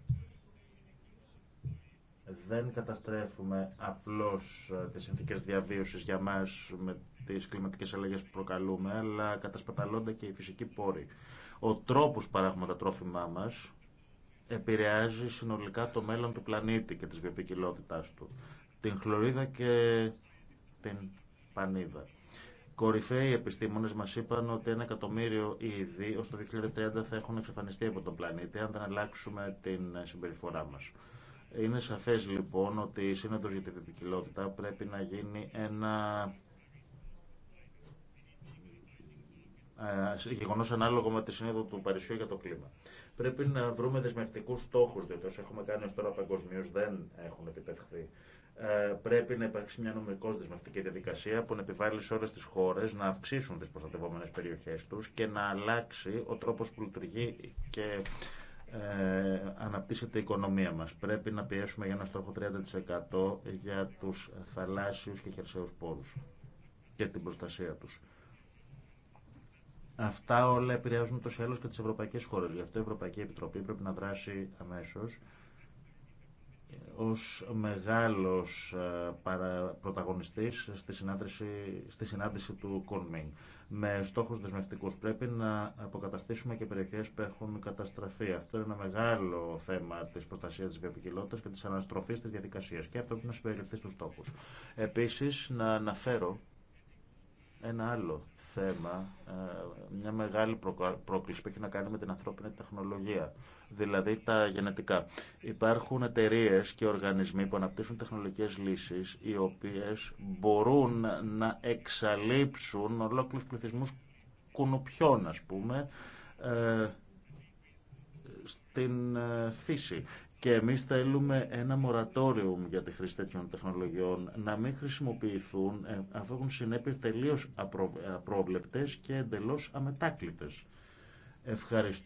Δεν καταστρέφουμε απλώς ε, τις συνθήκες διαβίωσης για μας με τις κλιματικές αλλαγές που προκαλούμε, αλλά κατασπαταλώνται και οι φυσικοί πόροι. Ο τρόπος που παράγουμε τα τρόφιμά μας επηρεάζει συνολικά το μέλλον του πλανήτη και της βιοπικιλότητάς του. Την χλωρίδα και την πανίδα. Κορυφαίοι επιστήμονε μα είπαν ότι ένα εκατομμύριο ήδη ω το 2030 θα έχουν εξαφανιστεί από τον πλανήτη αν δεν αλλάξουμε την συμπεριφορά μα. Είναι σαφέ λοιπόν ότι η Σύνοδο για τη ποικιλότητα πρέπει να γίνει ένα ε, γεγονό ανάλογο με τη Σύνοδο του Παρισιού για το κλίμα. Πρέπει να βρούμε δεσμευτικού στόχου, διότι όσοι έχουμε κάνει ω τώρα παγκοσμίω δεν έχουν επιτευχθεί. Ε, πρέπει να υπάρξει μια νομικώ δεσμευτική διαδικασία που να επιβάλλει σε όλε τι χώρες να αυξήσουν τις προστατευόμενες περιοχές τους και να αλλάξει ο τρόπος που λειτουργεί και ε, αναπτύσσεται η οικονομία μας. Πρέπει να πιέσουμε για ένα στόχο 30% για τους θαλάσσιους και χερσαίους πόρους και την προστασία τους. Αυτά όλα επηρεάζουν το σέλος και τις ευρωπαϊκές χώρες. Γι' αυτό η Ευρωπαϊκή Επιτροπή πρέπει να δράσει αμέσως ως μεγάλος ε, πρωταγωνιστής στη συνάντηση, στη συνάντηση του Κονμίν. Με στόχους δεσμευτικούς πρέπει να αποκαταστήσουμε και περιοχές που έχουν καταστραφεί. Αυτό είναι ένα μεγάλο θέμα της προστασίας της βιοποικιλότητας και της αναστροφής της διαδικασίας και αυτό πρέπει να συμπεριληφθεί στους στόχους. Επίσης να αναφέρω ένα άλλο θέμα, ε, μια μεγάλη πρόκληση που έχει να κάνει με την ανθρώπινη τεχνολογία, δηλαδή τα γενετικά. Υπάρχουν εταιρείε και οργανισμοί που αναπτύσσουν τεχνολογικές λύσεις οι οποίες μπορούν να εξαλείψουν ολόκληρους πληθυσμούς κουνουπιών, ας πούμε, ε, στην ε, φύση. Και εμεί θέλουμε ένα μορατόριο για τη χρήση τέτοιων τεχνολογιών να μην χρησιμοποιηθούν ε, αφού έχουν συνέπειε τελείω απρόβλεπτες και εντελώ αμετάκλητες. Ευχαριστώ.